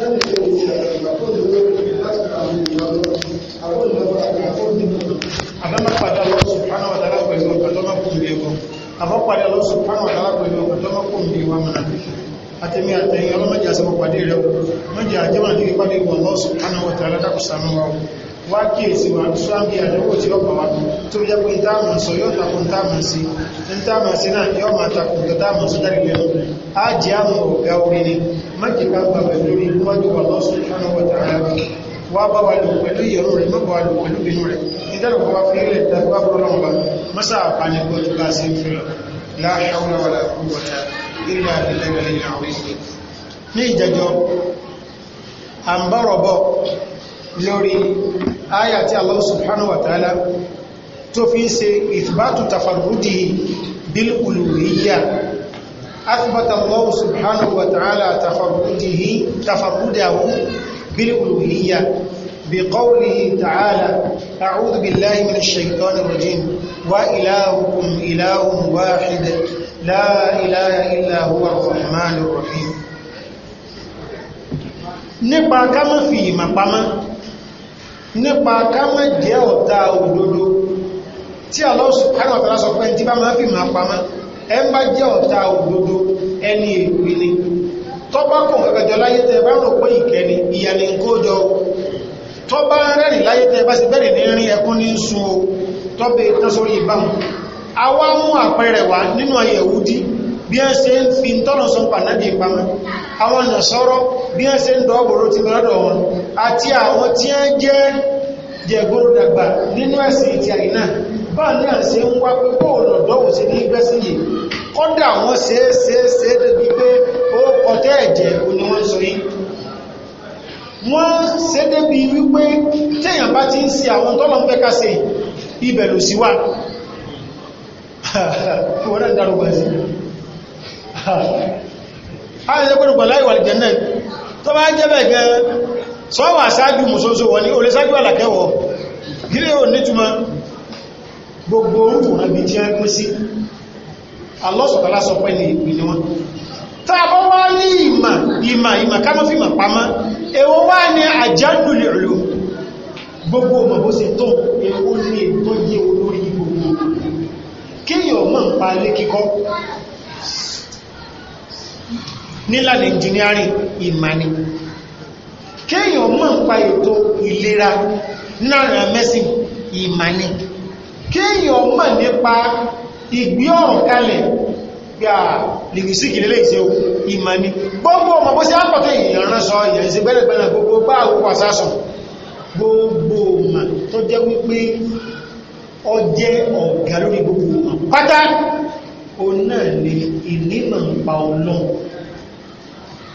àdámọ́pàdé lọ́sùn pánà ọ̀dára pẹ̀lú ọ̀pẹ̀lọ́mọ́ kò lè wọ́n àbọ́pàdé lọ́sùn pánà ọ̀dára pẹ̀lú ọ̀pẹ̀lọ́mọ́ kò lè wọ́n mọ̀nà àtẹ́mí àtẹ́yìn ọlọ́mọ́jà sọpọ̀ pàdé rẹ̀ mọ́jà àjẹ́wà ní ìpàdé wọ́n lọ́sùn pánà ọ̀tàrà dákùsànú wa wá kíyèsí wa ṣáàbí àdánwò tí ọkọ̀ wa tó jẹ́ pé dáàmù sọ yóò takùn dáàmù sí ní dáàmù sí náà yóò máa takùn tó dáàmù sí dárí lẹ́nu á jẹ́ àwọn orí ni májèká gbà pẹ̀lú wájú wà lọ́sùn ní ìjẹjọ́ àmbọ̀rọ̀bọ̀ lórí áyà tí Allah subhanahu wa ta'ala tó fi ṣe ìfìbátù tafarudi bil uluhiyya athbata Allah subhanahu wa ta'ala tafarudihi tafarudahu bil uluhiyya بقوله تعالى أعوذ بالله من الشيطان الرجيم وإلهكم إله واحد لا إله إلا هو الرحمن الرحيم nípa ká في fi ìmọ̀ nípa ká má jẹ́ ọ̀tá òdodo tí Allah subhanahu wa ta'ala sọ pé tí bá máa fi máa pamọ́ ẹ ń bá jẹ́ ọ̀tá òdodo ẹni èpè ni tọ́bá kùn kẹkẹjọ láyé tẹ bá rò pé ìkẹni ìyàní ń kó jọ tọ́bá rẹ́rìn láyé tẹ bá sì bẹ̀rẹ̀ ní rí ẹkún ní sun tọ́bẹ̀ tán sórí ìbámu àwa mú àpẹẹrẹ wá nínú Yẹhudi bí ẹ ṣe ń fi tọ́nà sọ pàdánù ìpamọ́ àwọn nàṣọ́rọ́ bí wọ́n ṣe ń dọ́gbòrò ti mọ́rọ̀ wọn àti àwọn tí wọ́n jẹ́ jẹ̀gbòrò dàgbà nínú ẹ̀sìn ti àìná báà náà ṣe ń wá pé bóòlù ọ̀dọ́wò sí ní gbẹ́sìnyè kọ́dà wọ́n ṣe é ṣe é ṣe é débi pé ó kọjá ẹ̀jẹ̀ òní wọ́n sọ yìí wọ́n ṣe débi wípé téèyàn bá ti ń ṣe àwọn tọ́lọ́ ń fẹ́ ká ṣe ibẹ̀ lò sí wa wọ́n náà dárúkọ ẹ̀sìn ààrẹ pẹ̀lú pẹ̀lú àìwà lè jẹ́nẹ̀ tó bá jẹ́ bẹ̀ gẹ́ sọ́wà sáájú mùsọ́sọ́ wọ́n ní olè sáájú àlàkẹ́wọ̀ gírí ò nítumọ̀ gbogbo orúkù rẹ̀bí tí wọ́n pín sí alọ́sọ̀tàlá sọ pẹ́ ní ìpínlẹ̀ wọn tá a bá wá ní ìmà ìmà ìmà kámọ́ nílànà engineering ìmàní kéèyàn mọ̀ nípa ètò ìlera náà mẹ́sìn ìmàní kéèyàn mọ̀ nípa ìgbé ọ̀rọ̀ kalẹ̀ gbà lìgìsíkì lélẹ̀ ìṣẹ́ ìmàní gbogbo ọmọ bó sí àpọ̀tẹ̀ ìrànṣọ ìyẹ̀nsẹ̀ gbẹ́lẹ̀gbẹ́lẹ̀ gbogbo bá àwòkọ àsásùn gbogbo ọmọ tó jẹ́ wípé ọjẹ́ ọ̀gá lórí gbogbo ọmọ pátá òun náà ni ìnímọ̀ ń pa ọlọ́run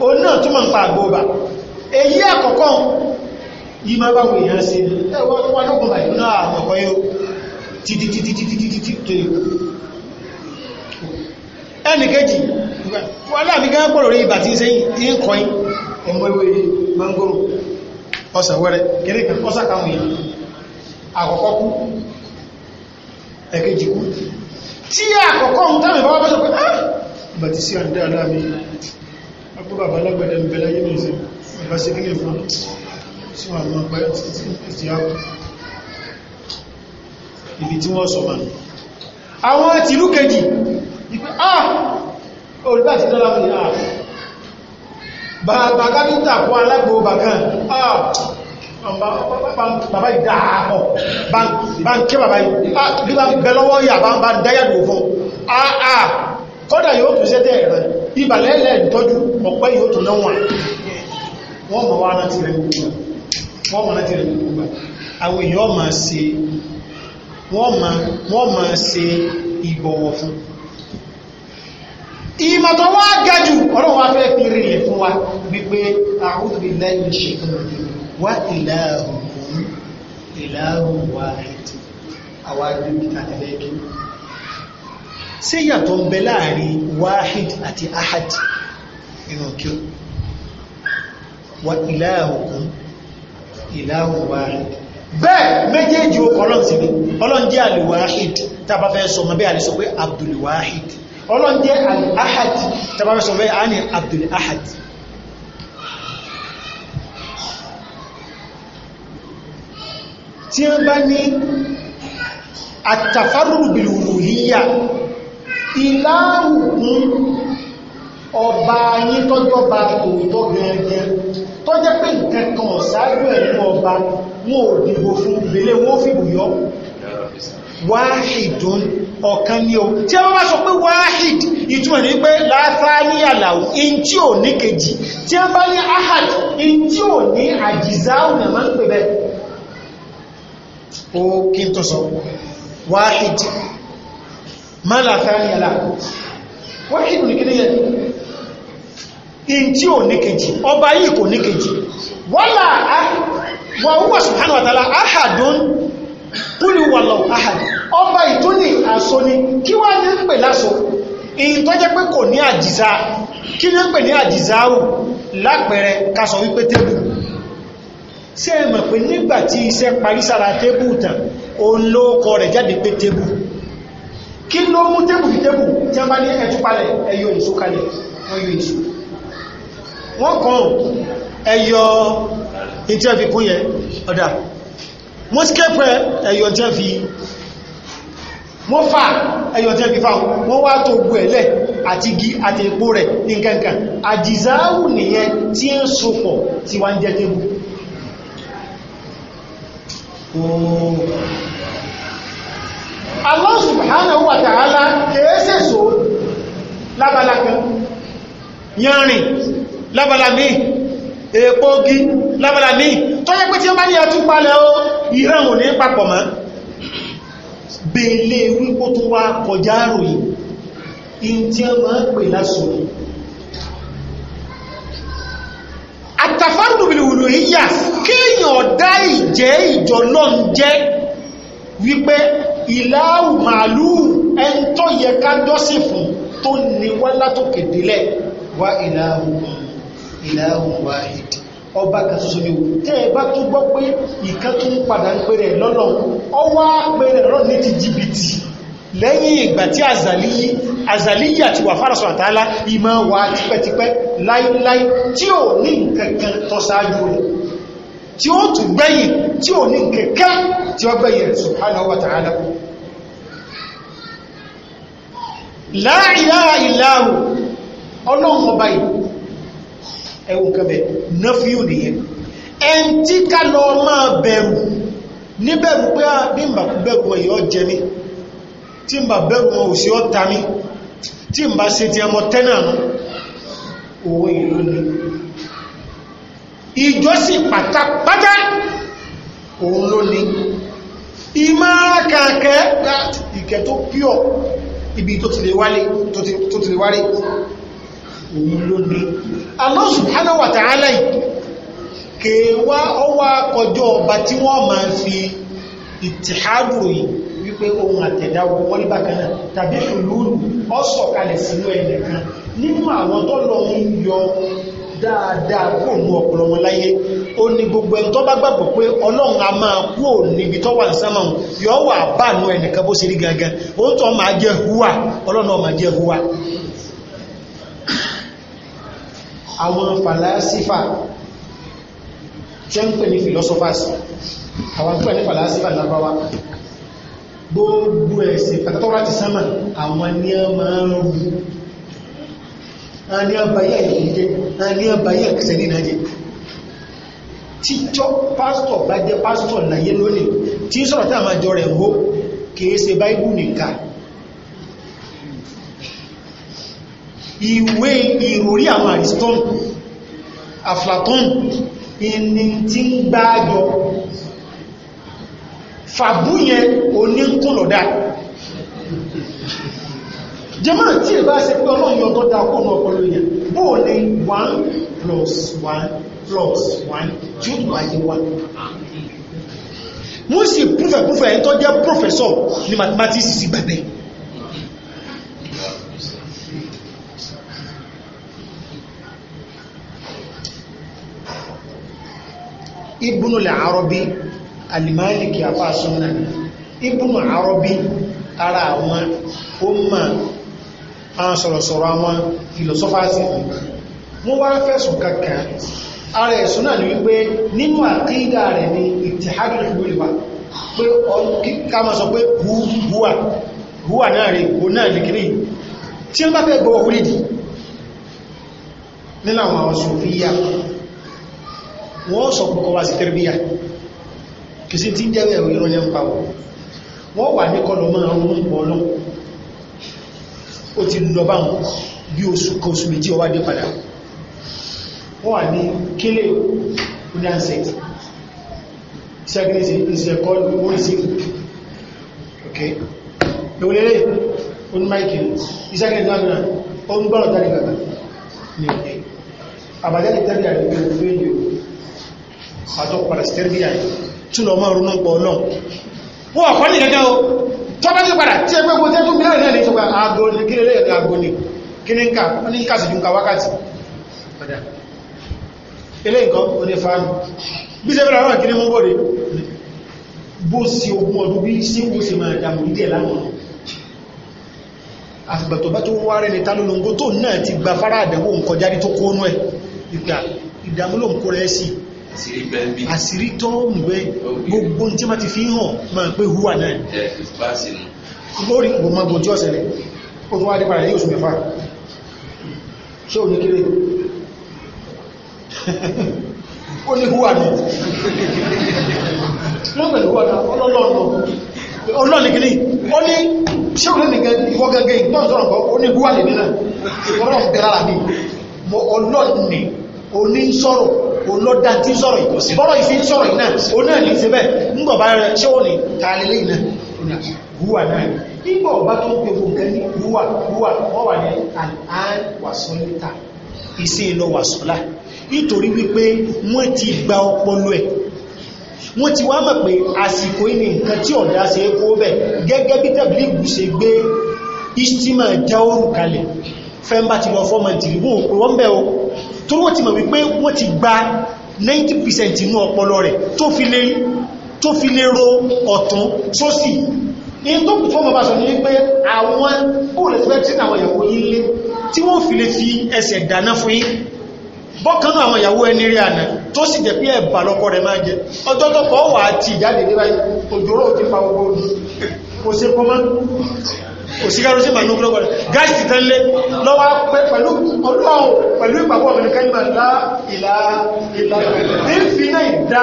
o náà tó ma ń pa àgbóòbà èyí àkọ́kọ́ yí máa bá wòyàn sí ẹwọ́n lọ́gbọ̀n àìyàn náà àkọ́kọ́ yóò títítítítítítítí tó yìí ẹnì kejì wọ́n láàmì gán pọ̀rọ̀ rí ibà tí ń sẹ́yìn mangoro ọkọ̀ bàbá alágbẹ̀dẹ ń bẹ̀lá yìí nìsí bàbá sí kí ní fún sí wà mọ́ pẹ́ títí ìtì àpò ibi tí wọ́n ah olùgbà ti dára mi bàbá kápítà kún ah bàbá ìdáàpọ̀ bá ń ké bàbá ah! bẹ lọ́wọ́ yà bá ń dáyàgbò fún ah ah kọ́dà yóò tún sẹ́tẹ̀ ẹ̀rẹ́ ìbàlẹ́lẹ̀ ìtọ́jú ọ̀pẹ́ yóò tó lọ́wọ́n wọ́n mọ̀ wá láti rẹ̀ gbogbo àwọn èèyàn ma ṣe wọ́n ma ṣe ìbọ̀wọ̀ fún ìmọ̀tọ̀ wá gajù ọ̀rọ̀ wá fẹ́ fi rí ilẹ̀ fún wa wípé a'udhu billahi minash shaitanir rajim wa ilahukum ilahun wahid àwọn agbègbè àtẹ́lẹ́gbẹ̀ẹ́ ṣé yàtọ̀ ń bẹ láàrin wahid àti ahad inú kí o wa ilahukum ilahu wahid bẹ́ẹ̀ méjèèjì ọlọ́n sí ni ọlọ́n jẹ́ alìwáhid tàbá fẹ́ sọ mọ́ bí a lè sọ pé abdulwahid ọlọ́n jẹ́ alìahad tàbá fẹ́ sọ pé a ní abdulahad tí wọ́n bá ní àtàfàrùbìlùwìyà ìláhùkún ọba yín tọ́jọ́ba tòótọ́ gẹ́gẹ́ tó jẹ́ pé nǹkan kan ọ̀sáájú ẹ̀yìn ọba wọn ò dìbò fún ìbílẹ̀ wọn ó fìbò yọ wáhìdún ọ̀kan o tí a bá sọ pé wáhìd ìtumọ̀ ní pé láfáàní àlàó in tí ò ní kejì tí a bá ní ahad in tí ò ní àjìzáhùn náà máa ń pè bẹ́ẹ̀ ó kí n tó sọ wáhìd má láàfáàní àlá wọ́n kí ní kíní yẹn in tí ò ní kejì ọba yìí kò ní kejì wọ́lá wọ́wọ́ subhanahu wa ta'ala ahadun kúlù wallahu ahad ọba àṣọ ni kí wá ní ń pè láṣọ in tó jẹ́ pé kò ní àjìzá kí ní ń pè ní àjìzá ò lápẹẹrẹ kásọ wípé tébù ṣé ẹ pé nígbà iṣẹ́ parí sára tébù tàn òun ló kọ rẹ̀ jáde pé tébù kí ló mú tébù fi tébù tí a bá ní ẹ̀túpalẹ̀ ẹyọ ìṣó kalẹ̀ wọ́n yọ ìṣó wọ́n kàn ẹyọ ìtẹ́fi kún yẹ ọ̀dá mo skẹ́pẹ̀ ẹyọ ìtẹ́fi mo fà ẹyọ ìtẹ́fi fà wọ́n wá tó gbù ẹ̀lẹ̀ àti igi àti epo rẹ̀ ní àjìzáàwù nìyẹn tí ń sopọ̀ tí wá ń jẹ tébù Allah subhanahu wa ta'ala kèése so lábala kan yanrìn lábala ní èèpo gí lábala ní tó yẹ pé tí ó bá ní àtúpalẹ̀ ó ìran ò ní papọ̀ mọ́ bèèlè wípó tó wá kọjá ròyìn in tí ó máa pè lásòrò àtàfàndùbìlì wùlò yíyà kéèyàn ọ̀dá ìjẹ́ ìjọ náà jẹ́ wípé ìlàáwù màálù ẹn tó yẹ ká jọ́sì fún tó ní wá látòkè délẹ̀ wá ìlàáwù ìlàáwù wáhìdì ọba kan ṣoṣo ni o tẹ́ ẹ bá tún gbọ́ pé ìkan tún padà ń pèrè lọ́nà ọwọ́ pèrè lọ́nà ní ti jìbìtì lẹ́yìn ìgbà tí àzàlíyí àzàlíyí àti wà fárasọ̀ àtàlá ìmọ̀ wà tipẹ́tipẹ́ láíláí tí ò ní nǹkan kan tó rẹ̀ tí ó tún gbẹ̀yìn tí ò ní kẹ̀kẹ́ tí ó gbẹ̀yìn la ilaha illa hu yìí nọ́fíù nìyẹn ẹn tí ká lọ máa bẹ̀rù níbẹ̀rù pé ah, bí bẹ̀rù wọn jẹ tí bẹ̀rù ìjọsìn pátápátá òun ló ní ìmára kàkẹ́ ìkẹ́ tó píọ̀ ibi tó ti lè wálé tó ti lè òun ló ní Allah subhanahu wa ta'ala kèwà ọwà kọjọ ọba tí wọ́n máa fi ìtìhádù yìí wípé ohun àtẹ̀dá wọ́n rí bákanáà tàbí ìlú ọ̀sọ̀kalẹ̀ sínú ẹ̀yẹ̀ kan nínú àwọn tó lọ ń yọ dáadáa kúrò ní ọpọlọ wọn láyé ó ní gbogbo ẹni tó bá gbàgbọ́ pé ọlọ́run a máa kúrò níbi tó wà nísàmà òun yọ wà báànú ẹnìkan bó ṣe rí gangan ó ń tọ́ máa jẹ́ húwà ọlọ́run náà máa jẹ́ húwà àwọn fàlásífà tẹ́ ń pè ní philosophers àwọn tó ní fàlásífà lábáwá gbogbo ẹ̀sìn pàtàkì tó wà ti sánmà àwọn ní a máa ń rú ani abayé ẹ̀yìn jẹ́ ani abayé ẹ̀kẹsẹ̀ nínú jẹ́ tíjọ́ pásítọ̀ bá jẹ́ pásítọ̀ láyé lónìí tí sọ̀rọ̀ tí a máa jọ rẹ̀ hó kìí ṣe báíbù nìkan ìwé ìròrí àwọn àrìsítọ́n àflatọ́n ìní tí ń gbáàjọ fàbúyẹn oníkùnlọ̀dá jẹmọ́ tí ìbá ṣe pé ọlọ́run yọ tó dáa kóònà ọpọlọ yẹn bó o lè one plus one plus one yóò tó ayé wa wọ́n sì púfẹ̀púfẹ̀ ẹni tó jẹ́ professor ní mathematics sí bẹ̀bẹ̀ ibùnú lè àrọ́bí alìmáìlìkì àfáàsọ́nà ibùnú àrọ́bí ara àwọn ó máa àwọn sọ̀rọ̀sọ̀rọ̀ àwọn filosofasi wọ́n wá fẹ̀sùn kankan ara ẹ̀sùn náà ni wípé nínú àkídà rẹ̀ ni ìtìhádùn ìwòlìwà pé ká máa sọ pé hùwà hùwà náà rẹ̀ kò náà ní kìrì tí wọ́n bá fẹ́ gbọ́ wúlìdì nínú àwọn àwọn sòfíyà wọ́n sọ pọ̀kọ̀ wá sí tẹ́rẹ̀bíyà kìí ó ti lọ bá wọn bí oṣù kan oṣù méjì ọwá dé padà wọ́n wà ní kílé onyanset second is a call one zero okay ìwòlélé on michael ìsẹ́kẹ̀ẹ́ ìdámìnà ó ń gbọ́rọ̀ tàbí gbàgbà ní ọ̀kẹ́ àbájáde tàbí àrẹ̀gbẹ̀ òfin yìí àtọ́kọ̀ padà sí tẹ́bí àyè tún lọ mọ́ ọ̀rún náà pọ̀ náà wọ́n àkọ́lẹ̀ gẹ́gẹ́ o tọ́bá ti padà tí ẹgbẹ́ ogun tẹ́tún mílíọ̀nù náà ní ìṣọ́gbà aago ní kí lélẹ́ aago ní kí ní ká wọ́n ní ká sì dùn ká wákàtí padà ilé nǹkan oní fáàmù bí sẹ́fẹ́ àwọn kí ní mú bọ́ọ̀dẹ̀ bó sí ogun ọdún bí síkú sí máa dàmú ìdí ẹ̀ láwọn àfìgbà àṣírí bẹ́ẹ̀ bí. àṣírí tó ń bẹ gbogbo tí ma ti fi hàn máa pé hùwà náà. ẹ bá a sì nù. lórí gbogbo máa gbòjú ọ̀sẹ̀ rẹ̀ ó tún wá dé padà ní oṣù mẹ́fà ṣé ò ní kéré ó ní hùwà náà wọ́n pẹ̀lú hùwà náà ọlọ́lọ́ọ̀nà ọlọ́ọ̀nìkìní ó ní ṣé òun nìkan ìwọ gẹ́gẹ́ ìgbọ́n kan ó ní hùwà lè ìwọ́n náà bẹ̀rẹ̀ àbí ọlọ́ọ̀nì oní ń sọ̀rọ̀ olódá tí ń sọ̀rọ̀ yìí bọ́rọ̀ ìfi ń sọ̀rọ̀ yìí náà ó náà ní ṣe bẹ́ẹ̀ ńgbọ̀ bá rẹ ṣé ó ní ta lélẹ́ yìí náà wúwà náà ńgbọ̀ bá tó pe gbogbo ní wúwà wúwà wọ́n wà ní àlàn wàsọ́lítà iṣẹ́ ìlọ wàsọ́lá nítorí wípé wọ́n ti gba ọpọlọ ẹ̀ wọ́n ti wá mọ̀ pé àsìkò ìní nǹkan tí ọ̀dá ṣe kó bẹ̀ gẹ́gẹ́ bí tẹ̀blígù ṣe gbé ìstímà jáórù kalẹ̀ fẹ́ńbà ti lọ fọ́mọ̀ tìrìbù wọ́n bẹ̀ torí wọ́n ti mọ̀ wípé wọ́n ti gba 90% inú ọpọlọ rẹ̀ tó fi lè ro ọ̀tún sósì ní tó kù fọ́mọ̀ bá sọ ní wípé àwọn olùsẹ́fẹ́ àwọn ìyàwó yìí lé tí wọ́n fi lè fi ẹsẹ̀ dáná fún yín bọ́kánú àwọn ìyàwó ẹni rí àná tó sì jẹ́ pé ẹ̀bà lọ́kọ rẹ̀ máa jẹ ọjọ́ tó kọ́ wà á ti ìjáde ní báyìí òjòrò ti fa gbogbo òjò kò ṣe kọ́mọ́ òsìkáró sí màánú gbọ́gbọ́n gáàsì ti tán lé lọ́wọ́ pẹ̀lú ọlọ́run pẹ̀lú ìpàpọ̀ ọ̀mìnìkan ìgbà lá ìlà ìlà ní fi náà ìdá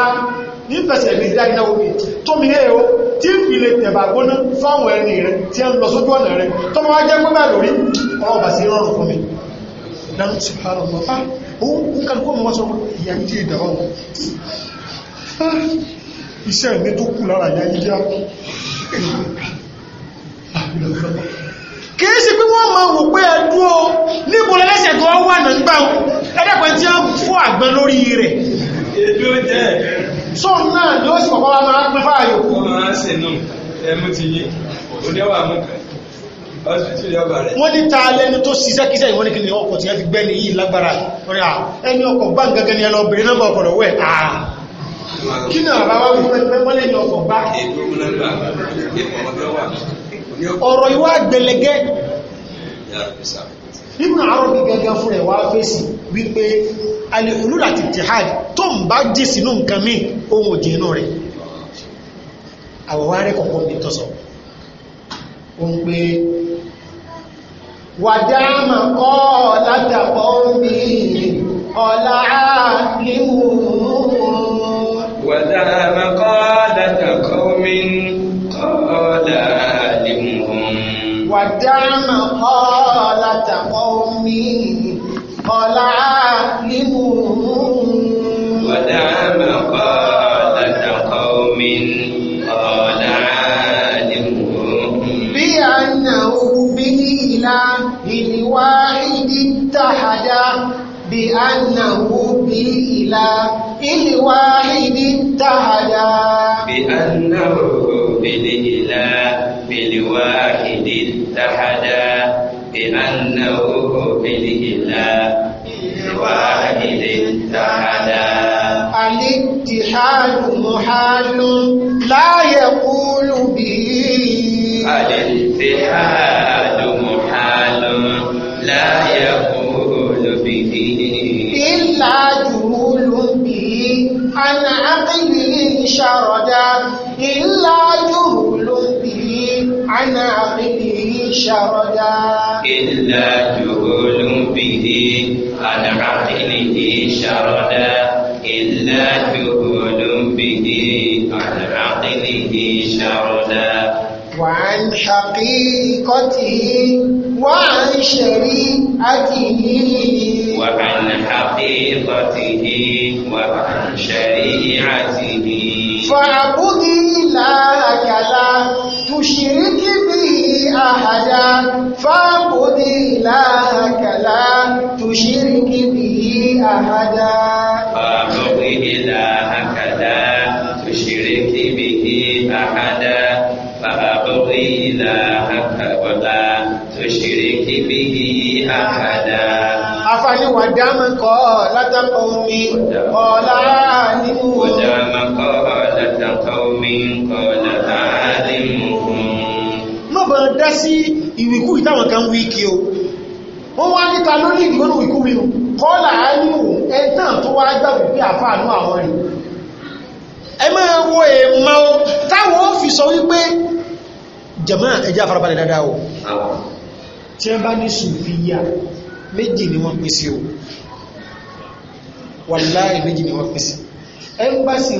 ní fẹsẹ̀ ní ìdá ìdáwó mi tó mi yé o tí ń fi lè tẹ̀bà gbóná fáwọn ẹni rẹ tí ẹ ń lọ sójú ọ̀nà rẹ tó máa jẹ́ pé bẹ́ẹ̀ lórí ọ̀rọ̀ bà sí rọrùn fún mi náà ah, ti pa ọ̀rọ̀ mọ́ ah òun kàn kó mọ́ sọ ìyá ń jẹ́ ìdáwọ́ iṣẹ́ mi tó kù lára ìyá yíyá kìí sí pé wọ́n ma wò pé ẹ̀dú o níbo lẹ́lẹ́sẹ̀ tó wà nà ń gbà ó ẹ̀dẹ́pẹ̀ tí wọ́n fọ́ àgbẹ̀ lórí rẹ̀ so náà ni ó sì kọ̀kọ́ wá máa pẹ́ fáyò wọ́n ní ta lẹ́ni tó ṣiṣẹ́ kíṣẹ́ ìwọ́n ní kí ni ọkọ̀ tí ẹ fi gbẹ́ ní yìí lágbára ẹni ọkọ̀ bá ń gẹ́gẹ́ ni ẹlọ obìnrin náà ọkọ̀ rẹ̀ wẹ́ àà kí ni àbáwá wípé mọ́lẹ́ni ọkọ̀ bá ọ̀rọ̀ ìwà gbẹlẹgẹ́ nínú àárọ̀ bí gẹ́gẹ́ fún ẹ̀wà fèsì wípé alìhùlù àti jihad tó ń bá jí sínú nǹkan mí ohun òjìnú rẹ̀ àwọ̀wárẹ́ kọ̀kọ́ bí tọ́sọ̀ ohun pé wàdáàmà kọ́ látàkọ́ bí ọlá ààbíwò wàdáàmà kọ́ látàkọ́ mi kọ́ láà ودع مقالة قومي قال عاقب ودع مقالة قوم قال عالم بأنه بإلى الواحد اتحد بأنه بإلى الواحد اتحد بأنه بالإله الواحد اتحدا بأنه الله واحد اتحدا الاتحاد محال لا يقول به الاتحاد محال لا يقول به إلا جهول به عن شردا إلا جهول به عن عقله شردا إلا جهول به عن عقله شردا وعن حقيقته وعن شريعته وعن حقيقته وعن شريعته فاعبد الله لا تشرك أحدا فاعبد إلهك لا تشرك به أحدا فاعبد إلهك لا تشرك به أحدا فاعبد إلهك ولا تشرك به أحدا أفعل ودام قالة قومي قال عالم ودام قالة قوم قال عالمهم dá sí ìwìkú ìtàwọn kan wí kí o wọ́n wá níta lórí ìdíwọ́n ìwìkú mi kọ́là ánú ẹ̀tàn tó wá gbàgbé pé àfáànú àwọn rẹ̀ ẹ máa wo èèmọ̀ táwọn ó fi sọ wípé jẹ̀mọ́ ẹjẹ́ afárabalẹ̀ dáadáa o tí wọ́n bá ní o wàláì méjì ni wọ́n pèsè ẹ ń bá sì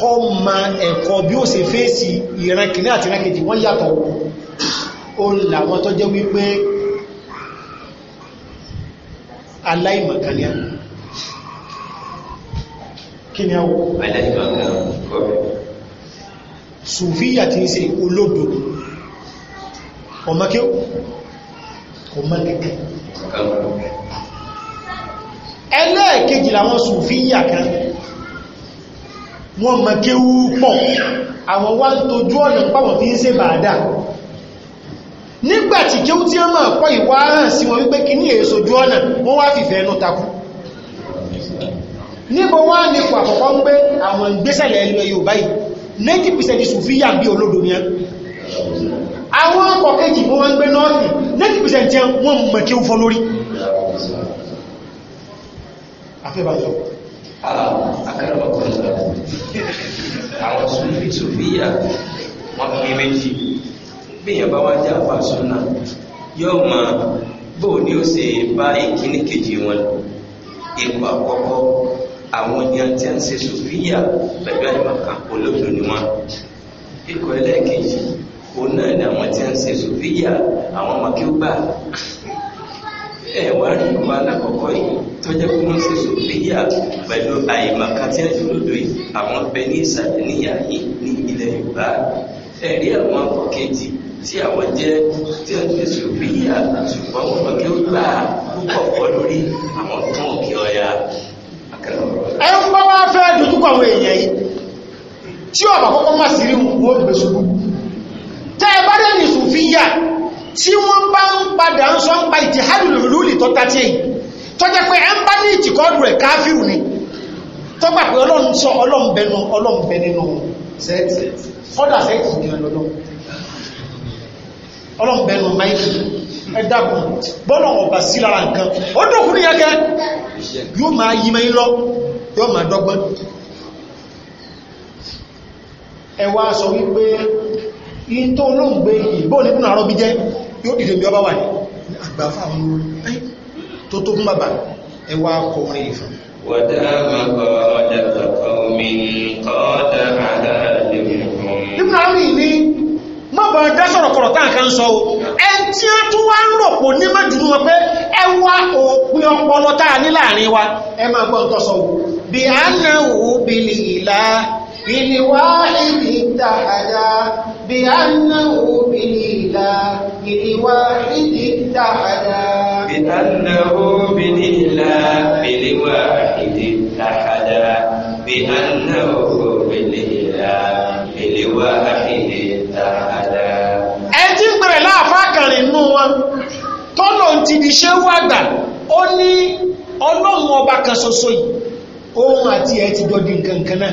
kọ́ ma ẹ̀kọ́ bí ó ṣe fèsì ìrankìní àti ìrankìjì wọ́n yàtọ̀ ó làwọn tó jẹ́ wípé aláìmọ̀kànlẹ́ kí ni àwọ̀ sùfíyà ti ń ṣe olódò ọmọké kò mọ́ kẹ́kẹ́ sùfíyà kan wọ́n mọ̀ kéwú pọ̀ àwọn wá tójú ọ̀nà pàwọn fi ń ṣe bàádà nígbàtí kéwú tí wọ́n mọ̀ pọ̀ ìwá hàn sí wọn wípé kí ní èso ojú ọ̀nà wọ́n wá fìfẹ́ ẹnu takú níbo wá nípò àkọ́kọ́ ń gbé àwọn ìgbésẹ̀lẹ̀ ilẹ̀ Yorùbá yìí 90% sùfíyà bí olódo ni àwọn ọkọ̀ kejì wọ́n ń 90% jẹ́ wọ́n mọ̀ kéwú fọ́ lórí akẹ́rọ̀kọ̀lọ́ àwọn súnfì sòfíyà wọ́n pín méjì bíyàn bá wá jẹ́ àpá súnà yóò mọ̀ bó ni ó ṣe bá ìkíní kejì wọn lò ipò àkọ́kọ́ àwọn ni a ti ń ṣe sòfíyà pẹ̀lú àìmọ̀kan olóòtú ni wọn ipò ẹlẹ́ẹ̀kejì òun náà ni àwọn a ń ṣe sòfíyà àwọn ọmọ kí ó gbà ẹ̀wà eh, rí ọmọ alákọ̀ọ́kọ́ yìí tó jẹ́ kó wọ́n ṣe sòfíyà pẹ̀lú àìmọ̀ká tí ẹ̀jú lòdò yìí àwọn bẹ ní ìsàlẹ̀ níyà yìí ní ilẹ̀ Yorùbá ẹ̀rí àwọn ọkọ̀ kejì tí àwọn jẹ́ tí ẹ̀jú lè sòfíyà ṣùgbọ́n wọn lọ kí ó gbà púpọ̀ pọ̀ lórí àwọn tó ń kí ọya. ẹ ń bá wá fẹ́ dojúkọ àwọn èèyàn yìí tí ọ̀bà kọ́kọ́ má sí rí wọn ó si wọ́n bá ń padà ń sọ ń pa ìtìhádùn lòlúlì tó tàtí èyí tó jẹ́ pé ẹ ń bá ní ìtìkọ́dù rẹ̀ káfíù ni tó gbà pé ọlọ́run sọ nínú sẹ́ẹ̀tì fọ́dà sẹ́ẹ̀tì ní ọlọ́run máìkì ẹ bọ́lọ̀ ọ̀bà sí lára nǹkan ó ní yóò máa yí yóò dìde bí ọba wà ní àgbà fáwọn olórí tó tó fún bàbá ẹwà ọkùnrin ìfún Ibn Ami ní má bá dá sọ̀rọ̀ kọ̀rọ̀ tá nǹkan sọ o ẹn tí a tún wá ń rọ̀pọ̀ ní pé ẹ wá òpin ọpọlọ tá a ní láàrin wa ẹ máa gbọ́ nǹkan sọ o bí a بالواحد اتحدا بأنه بالإله بالواحد اتحدا بأنه بالإله بالواحد اتحدا بأنه بالإله بالواحد اتحدا ẹjí gbẹ̀rẹ̀ láàfáà kẹrin nú wọn tọ́lọ̀ ti di ṣé wàgbà ó ní ọlọ́run ọba kan ṣoṣo yìí òun àti ẹ̀ ti jọ di nǹkan kan náà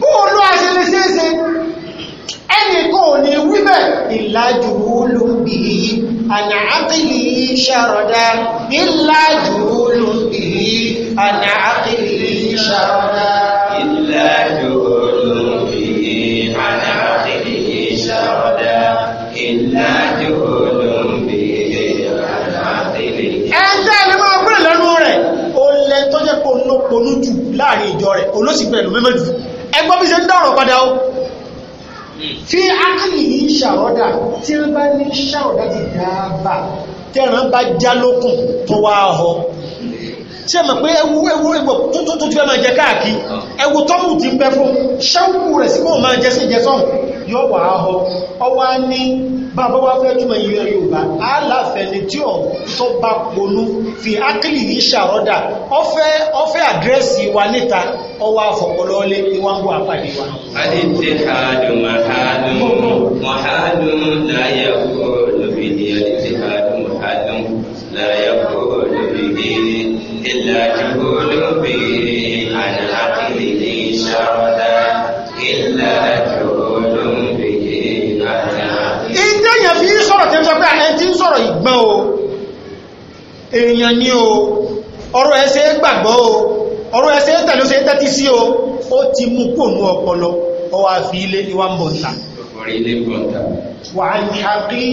bóòlù àṣẹlẹṣẹṣẹ ẹnìkan ò ní wíbẹ̀ ìlàjù olóńgbì àná àkìlì ṣàròdà ìlàjù olóńgbì àná àkìlì ṣàròdà. ìlàjù olóńgbì àná àkìlì ṣàròdà ìlàjù olóńgbì àná àkìlì. ẹ jẹ́ ẹni máa gbé lẹ́nu rẹ̀ ó lẹ́ tọ́jẹ́ kó ló ponú jù láàrin ìjọ rẹ̀ olóṣìbẹ̀rù mẹ́mẹ́jù ẹgbọ́n bí ṣe ń dọ̀rọ̀ padà ó fi hmm. ákìlì ní ṣàrọ́dà tí wọ́n bá ní ṣàrọ́dà ti dáàbà tẹ́ran bá já lókùn tó wá ọ̀họ́ tí a mọ̀ pé ẹwu ẹwu ẹgbọ̀ tó ti fẹ́ máa jẹ káàkiri ẹwu ah. tọ́mù ti ń pẹ́ fún ṣẹ́wù rẹ̀ sí kó máa jẹ sí ìjẹsọ́n yóò wà áhọ ọwá ní bàbá wá fẹ́ túnmọ̀ ilẹ̀ Yorùbá aláfẹ́ni tí ọ̀ tó bá ponú fi ákìlì yìí ṣàrọ́dà ọfẹ́ àdírẹ́sì wa níta ọwá àfọ̀pọ̀lọ́lé níwáńgbò àpàdé wa. إلا بقلوبهم عن شردا إلا بقلوبهم عن عقله ìdẹ́yàn fi ń sọ̀rọ̀ tẹ́tọ́ pé àlẹ́ tí ń sọ̀rọ̀ ìgbọ́n o èèyàn ni o ọ̀rọ̀ ẹ gbàgbọ́ o ọ̀rọ̀ ẹ ṣe ó ṣe tẹ́tí sí o ó ti mú kò nú ọpọlọ ọwọ́ àfi ilé ìwà ń ọkùnrin ilé ń wàá kàkí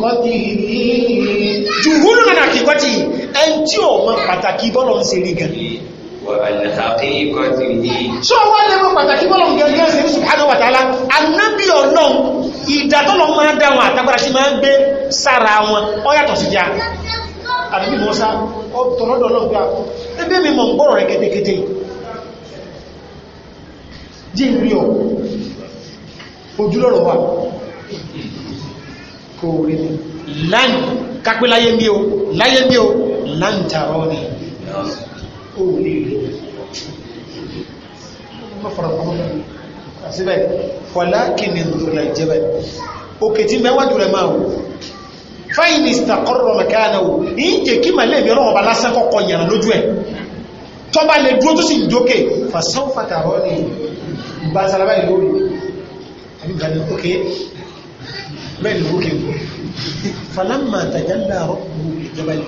kọ́tì ní. jùhúrù nínú àkíkọ́tì ẹni tí ò mọ pàtàkì bọ́lọ̀ ń ṣe rí gan. sọ wá lè mọ pàtàkì bọ́lọ̀ ń gẹ̀gẹ́ ṣe ní subhanahu wa ta'ala anábì ọlọ́run ìdàtọ́lọ́ máa dá wọn àtàgbàrá sí máa ń gbé sára wọn ó yàtọ̀ sí já àbíbí mọ́ sá tọ́lọ́dọ̀ lọ́gbà ẹgbẹ́ mi mọ̀ ń gbọ́rọ̀ rẹ̀ kẹ́tẹ́kẹ́tẹ́ jí ń rí ọ ojúlọ́rọ̀ wà kò rí mi lan kápẹ́ láyé mi o láyé mi o lan tààrọ́ ni ó rí rí síbẹ̀ fọláàkì ni ìrìnlẹ̀ jẹ́bẹ̀ òkè tí mẹ́wàjú rẹ̀ máa wò fáìní ìsìtàkọ́rọ̀ mẹ́kánà wò ní jẹ́ kí màlẹ́ mi ọlọ́wọ́ bá lásán kọ́kọ́ yàrá lójú ẹ̀ tó bá lè dúró tó sì jókè fàṣán fàtàrọ́ ni ìbá sálábà ìlú òkè mẹ́rin lókè falamma tajalla rabbuhu jabal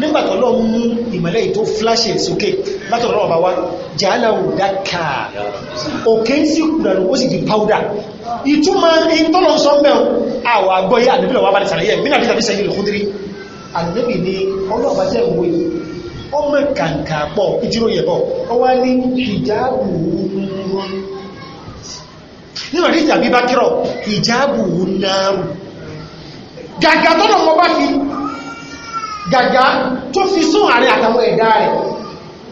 nígbàtọ̀ lọ mú ìmọ̀lẹ̀ tó flashe sókè látọ̀rọ̀ ọba wá jàálàwò dákà òkè ń sí ìkùdànù ó di powder ìtumọ̀ ìtọ́lọ̀ sọ mẹ́rin àwọ̀ àgbọ́yé àdúgbò wà bá ní sàlàyé mí nàbí sàbí lòkúndírí àdúgbò ní ọlọ́ọ̀bá jẹ́ ìwé ọmọ kàǹkà pọ̀ ìjíròyẹ̀ pọ̀ ọwá ní ìjáàbù nínú àdíjà bí bá kírọ̀ ìjáàbù náàrù gàgà tó lọ́mọ bá fi gàgà tó fi sún ààrẹ àtàwọn ẹ̀dá rẹ̀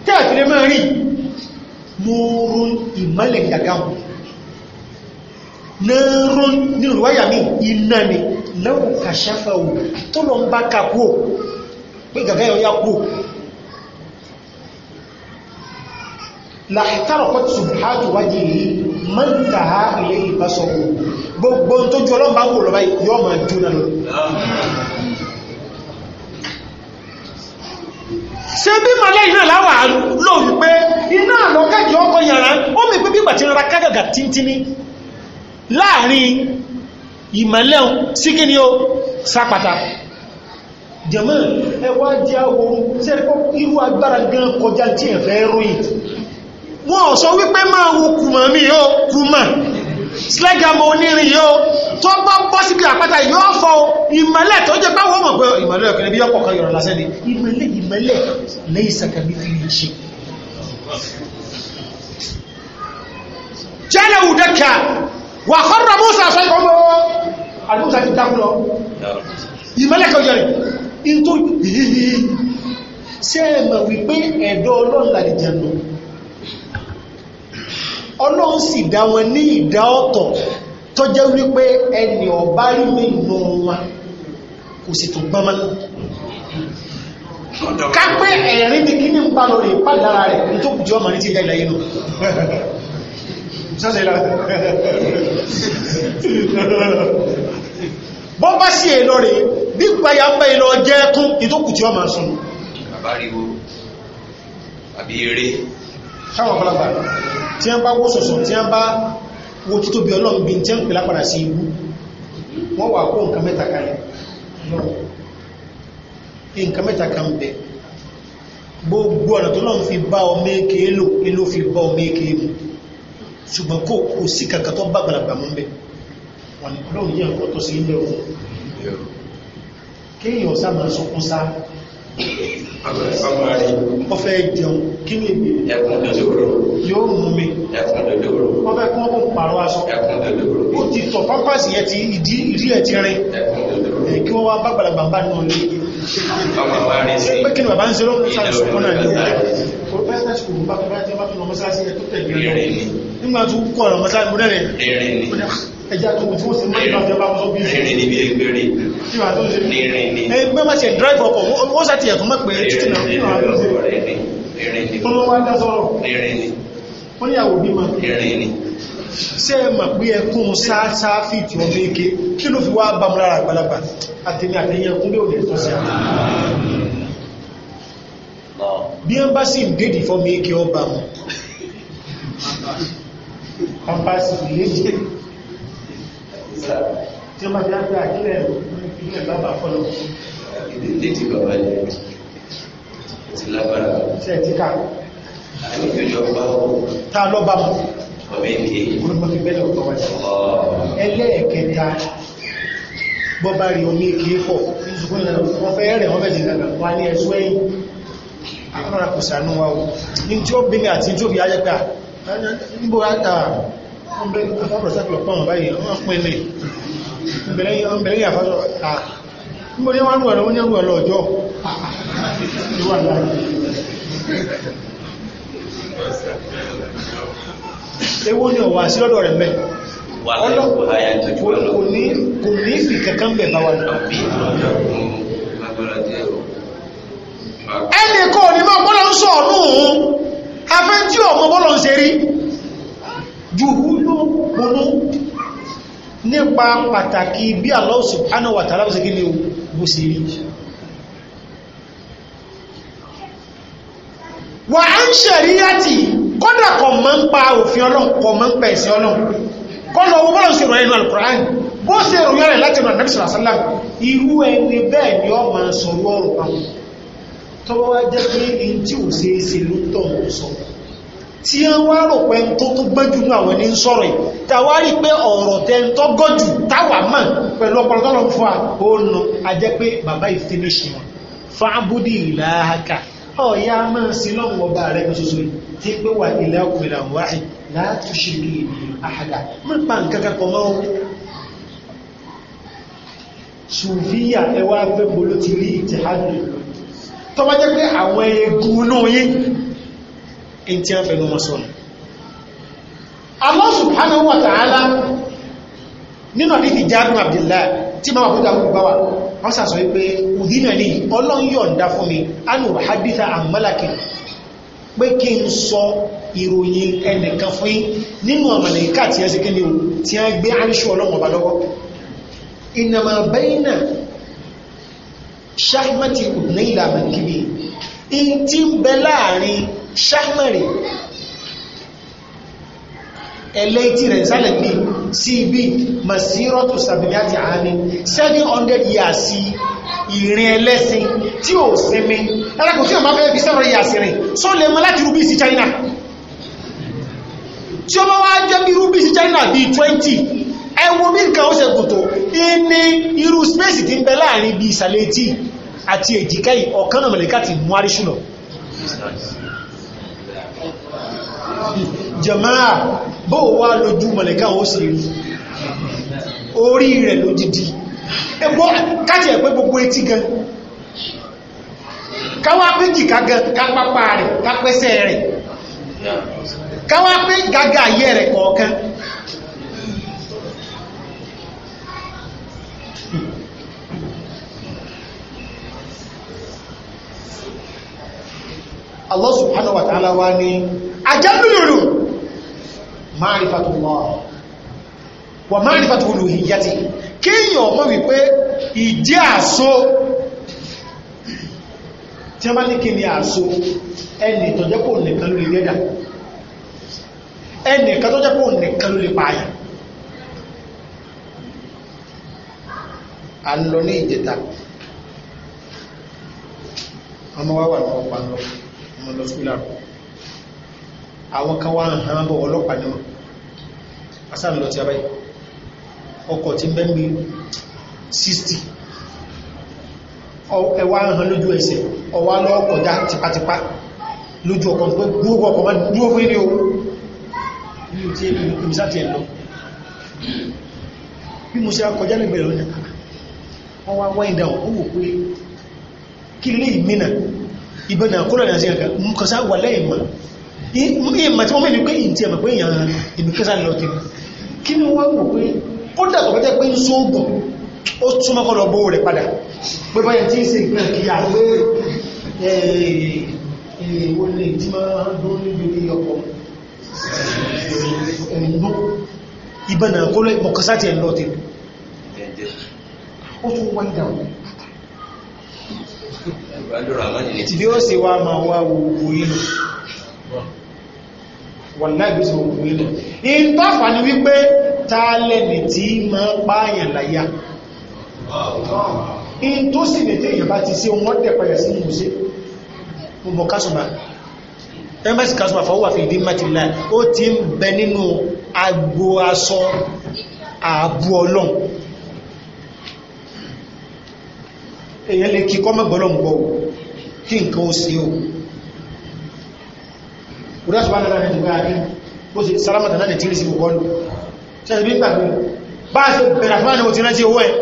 tẹ́ẹ̀fìlẹ̀ máa rí nùrùn ìmọ́lẹ̀ gàgà nùrùn nínú wáyà mi iná ni lẹ́wọ̀n kàṣẹ́fẹ̀ wò tó lọ ń bá kàkó pé gàgà yọ ya kó láìtàrọ̀kọ́ subhatu wájì yìí mọ́ta ilé ìbásọ̀kù gbogbo tó jù ọlọ́mbà ń wòlọ́bá yóò máa jóná lọ ṣe bí malẹ́ iná láwà ló wípé iná àlọ́kẹ́jì ọkọ̀ yàrá ó mì pé bígbà tí rárá kágàgà tíntínní láàrin ìmọ̀lẹ́ sí kí ni ó sápata jẹ̀mọ́ ẹwà jẹ́ àwòrán sẹ́rẹ́kọ́ irú agbára gan kọjá tí ẹ̀fẹ́ ròyìn wọ́n ò sọ wípé máa wo kùmọ̀ mi yóò kùmọ̀ slẹ́gàmọ̀ onírin yóò tó bá bọ́ sí àpáta yóò fọ́ ìmọ̀lẹ̀ tó jẹ́ báwọn mọ̀ pé ìmọ̀lẹ̀ ọ̀kẹ́ni bí ọkọ̀ kan yọ̀rọ̀ lásẹ́ ni ìmọ̀lẹ̀ ìmọ̀lẹ̀ lẹ́yìn sàkàbí fi lè ṣe jẹ́lẹ̀ òdẹ́kà wà Musa sọ ìkọ́mọ́ alìmọ́sá ti dákú lọ ìmọ̀lẹ̀ kan yọ̀rọ̀ in tó yìí ṣe é mọ̀ wípé ẹ̀dọ́ ọlọ́run làdìjẹ̀ ọlọ́run sì dá wọn ní ìdá ọ̀tọ̀ tó jẹ́ wípé ẹni ọba rí mi nù wọn kò sì tó gbọ́n mọ́lá kápẹ́ ẹ̀rín ni kí ní ń pàlọ́ rẹ̀ pàdára rẹ̀ ní tó kùjọ́ ọmọ ní ti ilẹ̀ inú bá sí bí ìlọ jẹ́ kún tí wọ́n bá wó sọ̀sọ̀ tí wọ́n bá wo títò bí ọlọ́run bí tí wọ́n pè lápadà sí ibú wọ́n wà kó nǹkan mẹ́ta kalẹ̀ nǹkan mẹ́ta kan bẹ̀ gbogbo ọ̀nà tó lọ́n fi bá ọmọ èké lò ilé fi bá ọmọ èké mu ṣùgbọ́n kò kò sí kankan tó bá gbàlagbà mú bẹ̀ wọ́n lọ́run yẹn kọ́ tọ́ sí ilé ọ̀hún kéèyàn sá sọkún sáà ọmọ rẹ̀ ọfẹ́ jẹun kí ní ìgbè ẹkùn dòdòrò yóò mú mi ẹkùn dòdòrò ọfẹ́ kí wọ́n kò pààrọ̀ aṣọ ẹkùn dòdòrò ó ti tọ̀ pápásì yẹ ti ìdí ẹ̀ ti rìn ẹkùn dòdòrò kí wọ́n wá bàgbàlagbà bá nù lé ọmọ rẹ̀ sí pé kí ni bàbá ń ṣe lọ́wọ́ sáà sọ̀kọ́ náà ní ọ̀rẹ́ ẹja tó tí ó sì mọ́ ìgbà tẹ́bá mọ́ bí i ní bí ẹgbẹ́ rí ẹgbẹ́ má ṣe drive ọkọ̀ ó sàtì ẹ̀tún mọ́ pé títí náà nínú àwọn ọdún sí ọmọ wá dá sọ́rọ̀ wọ́n ní àwò bímọ ṣe é mọ̀ pé ẹkún sáásáá fi tí tí ó bá jẹ́ pé àkílẹ̀ ìpínlẹ̀ bàbá fọ́lọ̀ ìdílé ti bàbá jẹ́ ti lágbára ṣe ti ká àníjọjọ bá ta lọ bá mú ọmọ èké olùkọ́ fi bẹ́lẹ̀ ọ̀tọ̀ wáyé ẹlẹ́ẹ̀kẹta bọ́bá rí omi èké fọ̀ nítorí náà wọ́n fẹ́ rẹ̀ wọ́n fẹ́ jẹ́ náà wà ní ẹ̀ṣọ́ ẹ̀yìn akọ́nà kò sànú wa o ní tí ó bí mi àti tí ó fi ayẹ́pẹ́ níbo látà wọ́n bẹ́ afọ́bọ̀sápìlọ̀ pọ̀ báyìí wọ́n pín ní ìbẹ̀lẹ́yìn àfáṣọ́ àà níbo ní wọ́n rú ọ̀rọ̀ ní ọ̀rọ̀ ọjọ́ ewó ní ọ̀wà sí lọ́dọ̀ rẹ̀ mẹ́ kò ní ìfì kankan bẹ̀ bá wà ẹnì kò ní mọ́ bọ́lọ́ ń sọ̀ọ́nù afẹ́ tí ọmọ bọ́lọ́ ń ṣe rí juhu ronú nípa pàtàkì bí Allah subhanahu wa ta'ala sí kíni gbòsì rí wà á ń ṣẹ̀rí láti kọ́dà kọ̀ mọ́ ń pa òfin ọlọ́run kọ̀ mọ́ ń pa ẹ̀sìn ọlọ́run kọ́lọ owó bọ́lọ̀ sí ìrọ̀ ẹnu alukùránì bó ṣe ìròyìn rẹ̀ láti ọ̀nà nàbí sọ̀rọ̀ sálàmù irú ẹni bẹ́ẹ̀ ni tí wọ́n wá rò pé tó tó gbẹ́jù ní àwọn ẹni ń sọ̀rọ̀ yìí tàwa rí pé ọ̀rọ̀ tẹ́ ń tọ́gọ́jù táwa mọ̀ pẹ̀lú ọpọlọ tọ́lọ̀ ń fa òòlù ajẹ́ pé bàbá ìfinishì wọn fábúdì ìlàáka ọ̀yá máa sí lọ́wọ́ ọba rẹ̀ ṣoṣo tí pé wà ilẹ̀ ọkùnrin àwọn wáhì láti ṣe bí àhàdà mọ́pa nǹkan kan kọ́ mọ́ ṣùfíyà ẹwà pé bolo ti rí ìtìhádùn tó in tí a fẹnu wọn sọ́nà Allah subhanahu wa ta'ala nínú àdíkì jáàdùn Abdullah tí ma wà fún ìdáhùn gbáwà wọ́n sàsọ wípé òdínà ní ọlọ́yọ̀ǹda fún mi ánù haditha àmàlàkì pé kí n sọ ìròyìn ẹnìkan fún yí nínú àmàlẹ̀ká tí a sì kí ni o tí a gbé àríṣù ọlọ́wọ̀ba lọ́wọ́ ìnàmà bẹ́ẹ̀nà ṣáhmàtì òdínà ìlàmà kìbí in ti ń bẹ láàrin ṣáhmẹ̀rì ẹlẹ́tì rẹ̀ sálẹ̀ bí sí ibi masírọ́tù sàbìláti àámi 700 years ìrìn ẹlẹ́sìn tí ó sinmi ẹlẹ́kùn tí ó máa fẹ́ bí 700 years rìn só lè mọ́ láti rubí sí China tí ó máa wá jẹ́ bí rubí sí China bí 20 ẹwọ bí nǹkan ó ṣe kòtò ní irú space ti ń bẹ láàrin bí ìsàlẹ̀ etí àti èjìká ọ̀kan náà mẹ̀lẹ́ká ti mú àríṣùnà Jamaa, bó wá lójú mọ̀lẹ́ká ó sì rí orí rẹ̀ ló dìdí ẹgbọ́ kájẹ̀ pé gbogbo etí gan káwá pé jìká gan kápápá rẹ̀ kápẹ́sẹ̀ rẹ̀ pé ayé rẹ̀ kọ̀ọ̀kan Allah àjẹ́bù lòlò ma'rifatullah wa ma'rifatu uluhiyyati kéèyàn mọ̀ wípé ìjẹ́ àṣó tí a bá ní kí ni àṣó ẹni tó jẹ́ kó nìkan ló lè rẹ́dà ẹnìkan tó jẹ́ kó nìkan ló lè pààyà a ń lọ ní ìjẹta ọmọ wa wà lọ́wọ́ pa lọ ọmọ lọ sí àwọn kan wá ń hàn bọ̀ ọlọ́pàá ní ti abáyé ọkọ̀ ti mẹ́mí 60 ẹwà ń hàn lójú ẹsẹ̀ ọwá tipatipa lójú ọkọ̀ pé gbogbo ọkọ̀ máa dúró fún ilé ohun o tí ìmìsáti ẹ̀ lọ bí mo ṣe akọjá lẹ́gbẹ̀ẹ́ ah, ah. wọ́n wá ó wò pé kí lè mìíràn ìbẹ̀nà sí ìmọ̀ tí wọ́n mẹ́lú pé ìntí ẹ̀mọ̀ pé èèyàn ìdúkẹ́sà lọ tí kí ni wọ́n wò pé ó dàgbà pẹ́tẹ́ pé ń sóògùn ó túnmọ́ bó rẹ̀ padà pé báyẹ̀ tí ń ṣe ìpínlẹ̀ kí a pé èèwò lè tí máa ó sì wá máa wá wo wà láìbísí òkú ilẹ̀ ìtọ́fà ni wípé tààlẹ̀lì tí ma pààyàn láyá in tó sì lè tí èyàn bá ti sí wọ́n dẹ̀ padà sí ìmúsẹ́ mọ̀ kásùmà ms kásùmà fọwọ́ fi ìdí mátìlá ó ti ń bẹ nínú agbo aṣọ ààbò ọlọ́n èyàn lè kí kọ́mọ̀gbọ́lọ́ kí nǹkan ó sí o guda su bana ranar jimaya ɗin bó ṣe salama da náà da tírísì kọlu ṣe ṣe bí ń gbàgbé bá ṣe bẹ̀rẹ̀ fún àwọn tíráṣí owó ẹ̀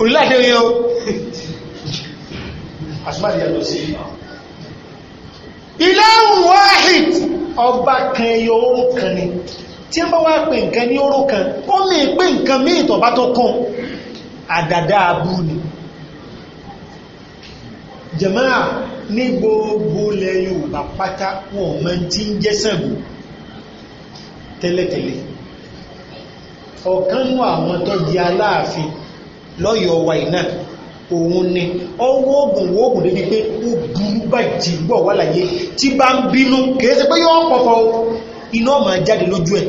orílẹ̀-èdè yóò asmáàdì yàtọ̀ sí ilahun wahid ọba kan yóò kan ni tí ń bá wá pè nǹkan ní oró kan ó mẹ́ pé nǹkan mí ìtọ̀bá tó kún àdàdà abú ni jama'a ní gbogbo ilẹ̀ Yorùbá pátá wọn mọ tí ń jẹ́ Ṣàngó tẹ́lẹ̀tẹ́lẹ̀ ọ̀kan nù àwọn tó di Aláàfin lọ́yọ̀ọ́ wa iná òun ni ọwọ́ ogun ogun débi pé ó burú bàjẹ́ gbọ́ wà láyé tí bá ń bínú kìí ṣe pé yóò pọ̀pọ̀ iná ọmọ jáde lójú ẹ̀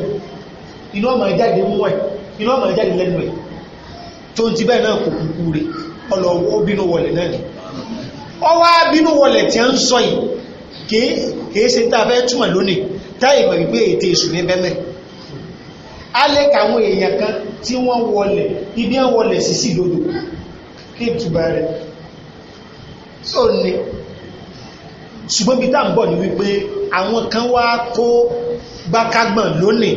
iná ọmọ jáde mú ẹ̀ iná ọmọ jáde lẹ́nu ẹ̀ tó ń ti bẹ́ẹ̀ náà kò kúkú rẹ̀ ọlọ́wọ́ bínú wọlé náà ni ọwá bínú wọlẹ̀ tí a ń sọ yìí kìí ṣe tá a fẹ́ túmọ̀ lónìí táyì mọ̀ wípé ètè èṣù ní bẹ́mẹ̀ alẹ́ kàwọn èèyàn kan tí wọ́n wọlẹ̀ ibi ń wọlẹ̀ sí sí lódò kí ìtura rẹ̀ so ni ṣùgbọ́n bí tá à ń bọ̀ ní wípé àwọn kan wá kó gbákágbọ̀n lónìí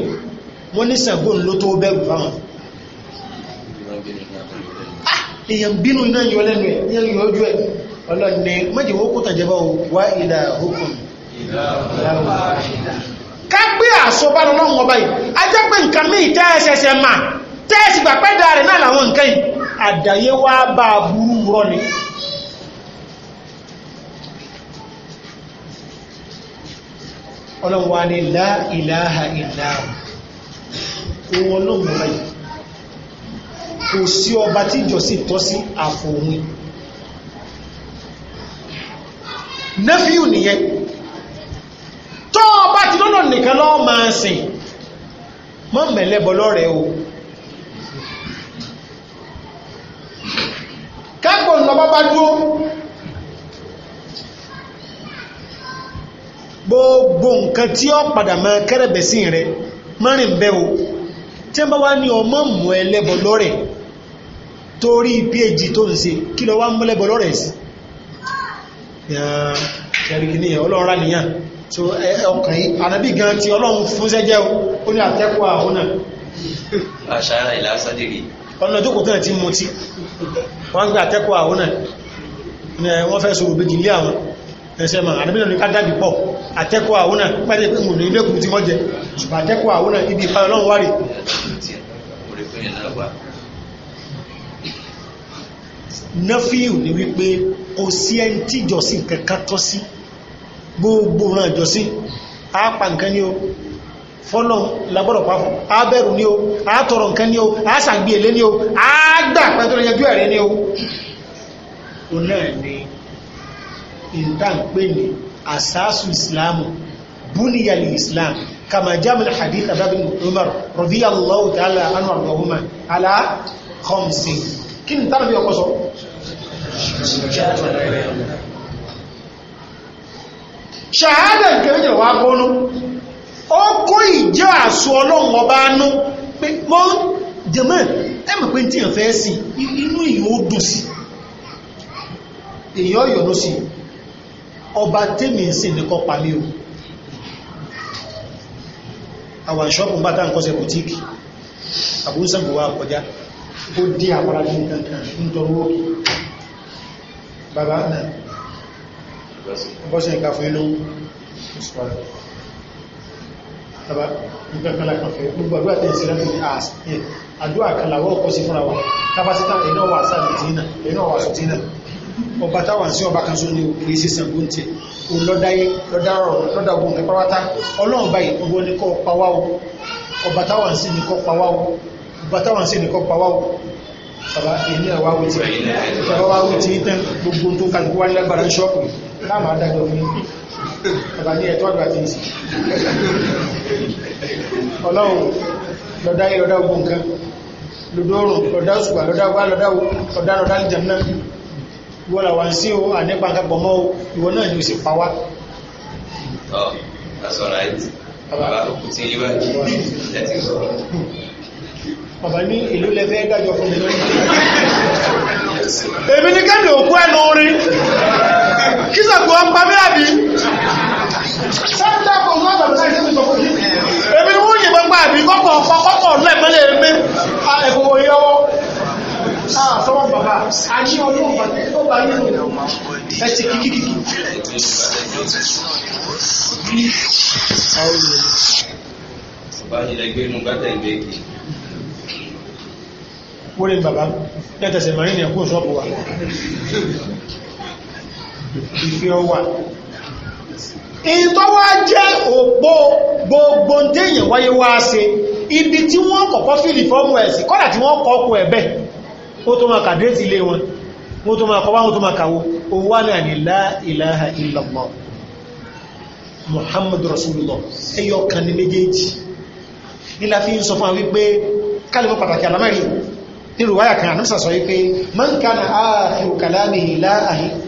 wọ́n ní Ṣàngó ló tó bẹ̀rù fáwọn ah! èèyàn bínú iná yọ lẹ́nu ẹ̀ yẹn yọ ojú ẹ̀ ọlọ́run ní méjì ó kú tẹ̀jẹ̀bọ̀ wá ìlà òkun ká gbé àṣọ́bánu lọ́wọ́ ọba yìí a jẹ́ pé nǹkan míì tẹ́ẹ̀ṣẹ̀ṣẹ̀ mà tẹ́ẹ̀sì gbà pẹ́dà rẹ̀ náà làwọn nǹkan yìí àdáyé wá bá burú rọ́ ni ọlọ́run wá ní la ilaha illa hu òun ọlọ́run ọba yìí kò sí ọba tíjọ sí tọ́ sí àfòhun nẹ́fíù nìyẹn tó ọba ti lọ́nà nìkan lọ́ọ́ máa sìn mọ́ mẹ́lẹ́bọ lọ́rẹ̀ o kẹ́kọ̀ọ́ lọ́bá bá dúró gbogbo nǹkan tí ó padà máa kẹ́rẹ̀bẹ̀ sí rẹ̀ mọ́rin bẹ́ o tí ó bá wá ní ọmọ mú ẹlẹ́bọ lọ́rẹ̀ torí phd tó ń ṣe kí lọ wá mú lọ́rẹ̀ sí i ẹ̀rìkìní ọlọ́run rà nìyàn so ọkàn yìí ànábì gan ti ọlọ́run fún sẹ́jẹ́ ó ní àtẹ́kọ̀ àwọn náà àṣàrà ìlàsádìrí ọ̀nà tó kò tán ti mú tí wọ́n ń gbé àtẹ́kọ̀ àwọn náà wọ́n fẹ́ sọ̀rọ̀ bí gílé àwọn ẹsẹ̀ ma ànábì náà ní ká dàbí pọ̀ àtẹ́kọ̀ àwọn náà pẹ́lẹ̀ ibi ìpayọ̀ ọlọ́run wárì nafiu ni wípé kò sí ẹni tí ìjọsìn kankan tọ́ sí gbogbo ran ìjọsìn àápa nǹkan ni o fọ́nà lagbọ́dọ̀ pàfọ́ àbẹ̀rù ni o àátọ̀rọ̀ nǹkan ni o àásàgbé èlé ni o àágbà pẹ̀tọ́ yanjú ẹ̀rẹ́ ni o o náà ni ìtànpé ni àsáàsù ìsìláàmù búniyàlì ìsìláàmù kama jamal hadith ababin umar radiyallahu ta'ala anhu arwahuma ala khamsin kí Shahada tánàbí ọkọ̀ sọ ṣàhádà ìkẹrẹ́jẹ̀ wà kónú ó kó ìjẹ́ àṣọ ọlọ́run ọba nú pé mọ́ jẹ́mọ́ ẹmọ̀ pé ọba tèmi sí nìkan o àwọn ìṣọ́pù ó dí àwọn aṣe kankan nítorí òkè bàbá náà bọ́sẹ̀ ìkàfẹ́ ló ṣùgbọ́n bàbá ìgbẹ̀kànlá kàfẹ́ gbogbo àdúrà tẹ́ ìsìnlẹ̀ tó ní àṣìyẹ àdúrà kan làwọ́ ọkọ̀ sí fúnra wa kápásítà iná wà sáàlì tìínà iná wà sọ̀tìínà ọba táwà sí ọba kan só ní òkèrè sí Ṣàngó ń tẹ olọ́dáyé lọ́dárọ̀ lọ́dàgbọ̀n ẹ̀páwátá ọlọ́run báyìí ọgbọ́n ní kọ́ pawáwó ọba táwà sí ní kọ́ pawáwó bàtàwọn sí nìkan pàwáwò bàbá èmi àwa wí ti bàbá wa gbogbo tó kàlùkù wá ní lágbára ṣọ́ọ̀pù láàmú adájọ́ fún yín ní ẹ̀tọ́ àdúrà ọlọ́run lọ́dá yìí lọ́dá ogun kan lọ́dá oòrùn lọ́dá òṣùpá lọ́dá lọ́dá lọ́dá oh, that's all right bàbá òkú tí yí bá jì ẹ ti bàbá ní ìlú lẹ́fẹ́ dájọ́ fún mi lórí èmi ní kẹ́lì òkú ẹnu orin kí sàkó ń pa àbí sáńdà kò mú àgbàdo náà ìṣẹ́mi sọ fún mi èmi ní wọ́n yìnbọn àbí kọ́kọ́ ọ̀pá kọ́kọ́ lẹ́ẹ̀mẹ́lẹ́ èmi ẹ̀kọ́ orí ọwọ́ sọ́wọ́n bàbá a ní ọdún ọba nínú ẹsẹ̀ kìkìkì. báyìí ẹgbẹ́ inú gbàtà ìgbẹ́ kìí wórí bàbá tẹ́tẹ̀sẹ̀ marine ẹ̀kú ṣọ́pù wa ìfẹ́ ọwà in tó wá jẹ́ òpó gbogbo tẹ́yìn wáyé wá ṣe ibi tí wọ́n kọ́kọ́ fìlì fọ́mù ẹ̀sì kọ́lá tí wọ́n kọ́kù ẹ̀bẹ̀ ó tó la ilaha illallah muhammadu rasulullah ẹyọ kan ní fi ń sọ fún wa wípé pàtàkì àlámẹ́rin nílùú wáyà kan àníṣà sọ wípé mọ́nkánà áàfíru kàlámìhì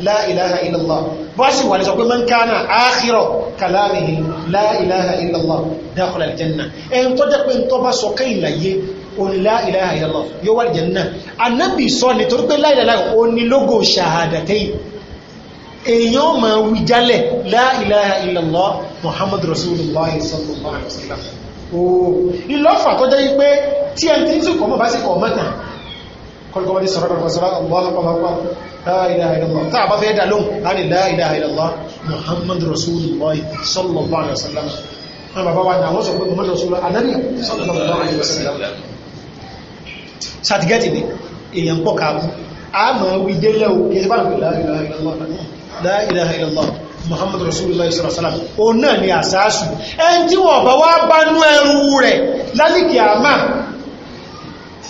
láìláha illallah bọ́ sì wà ní sọ pé mọ́nkánà áàfíru kàlámìhì láìláha illallah dákọlá ìjẹ́nà ẹn tó jẹ́ pé tó bá sọ kẹ́yìn láyé oní láìláha illallah yóò wà ìjẹ́nà anábì sọ nítorí pé láìláha oní lógo ṣàhàdàtẹ́yì èèyàn ma wí jálẹ̀ láìláha illallah muhammad rasulullah sallallahu alaihi wasallam ìlọ́fà tó jẹ́ wípé tí ẹni tí ń sùn kọ́ bá sì kọ̀ kọlùkọ́mọ́dé sọ̀rọ̀kọ̀ kọ̀sọ̀rọ̀ allah akọ̀lọ́kọ̀ láìláha illallah tá a bá fẹ́ dà lóhùn láti láìláha illallah muhammad rasulullah sallallahu alaihi wasallam wọn bàbá wa náà wọ́n sọ pé muhammad rasulullah anabi sallallahu alaihi wasallam sàtìgẹ́tì ni èèyàn pọ̀ kààbù a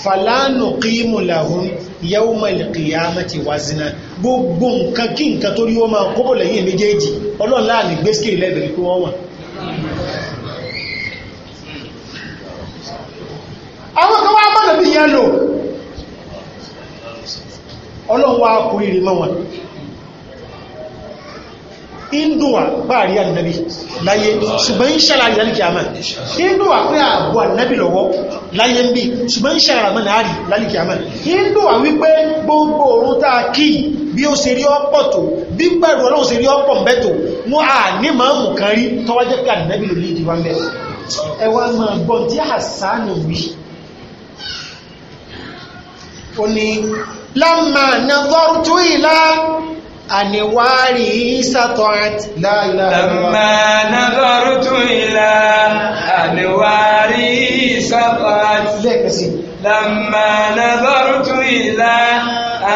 fàlánù kíìmù làhún yawmal qiyamati wazna gbogbo nǹkan kí nǹkan tó rí wọ́n máa kóbò lẹ́yìn méjèèjì ọlọ́run láàmì gbéṣkìrì lẹ́bẹ̀rẹ̀ pé wọ́n wà àwọn kan wá gbọ́nà bí yẹn lò ọlọ́run wá kúrìrì mọ́ wọn induwa bá rí alìnàbí láyé ṣùgbọ́n ń ṣàlàyé lálìkì àmà induwa pé àbò alìnàbí lọ́wọ́ láyé ń bí ṣùgbọ́n ń ṣàlàyé àmà náà rí lálìkì àmà induwa wípé gbogbo òrùn tá a kí bí ó ṣe rí ọ̀pọ̀ tó bí gbàrú ọlọ́run ṣe rí ọ̀pọ̀ mbẹ́ tó wọn à ní màámù kan rí tọ́wájẹ́ pé alìnàbí ló ní ìdíwá mbẹ́ ẹ wá máa gbọ́n tí àṣánù wí ó ní lámà nàdọ́rùtù أنواري سطعت لا إله إلا لما نظرت إلى أنواري سطعت لما نظرت إلى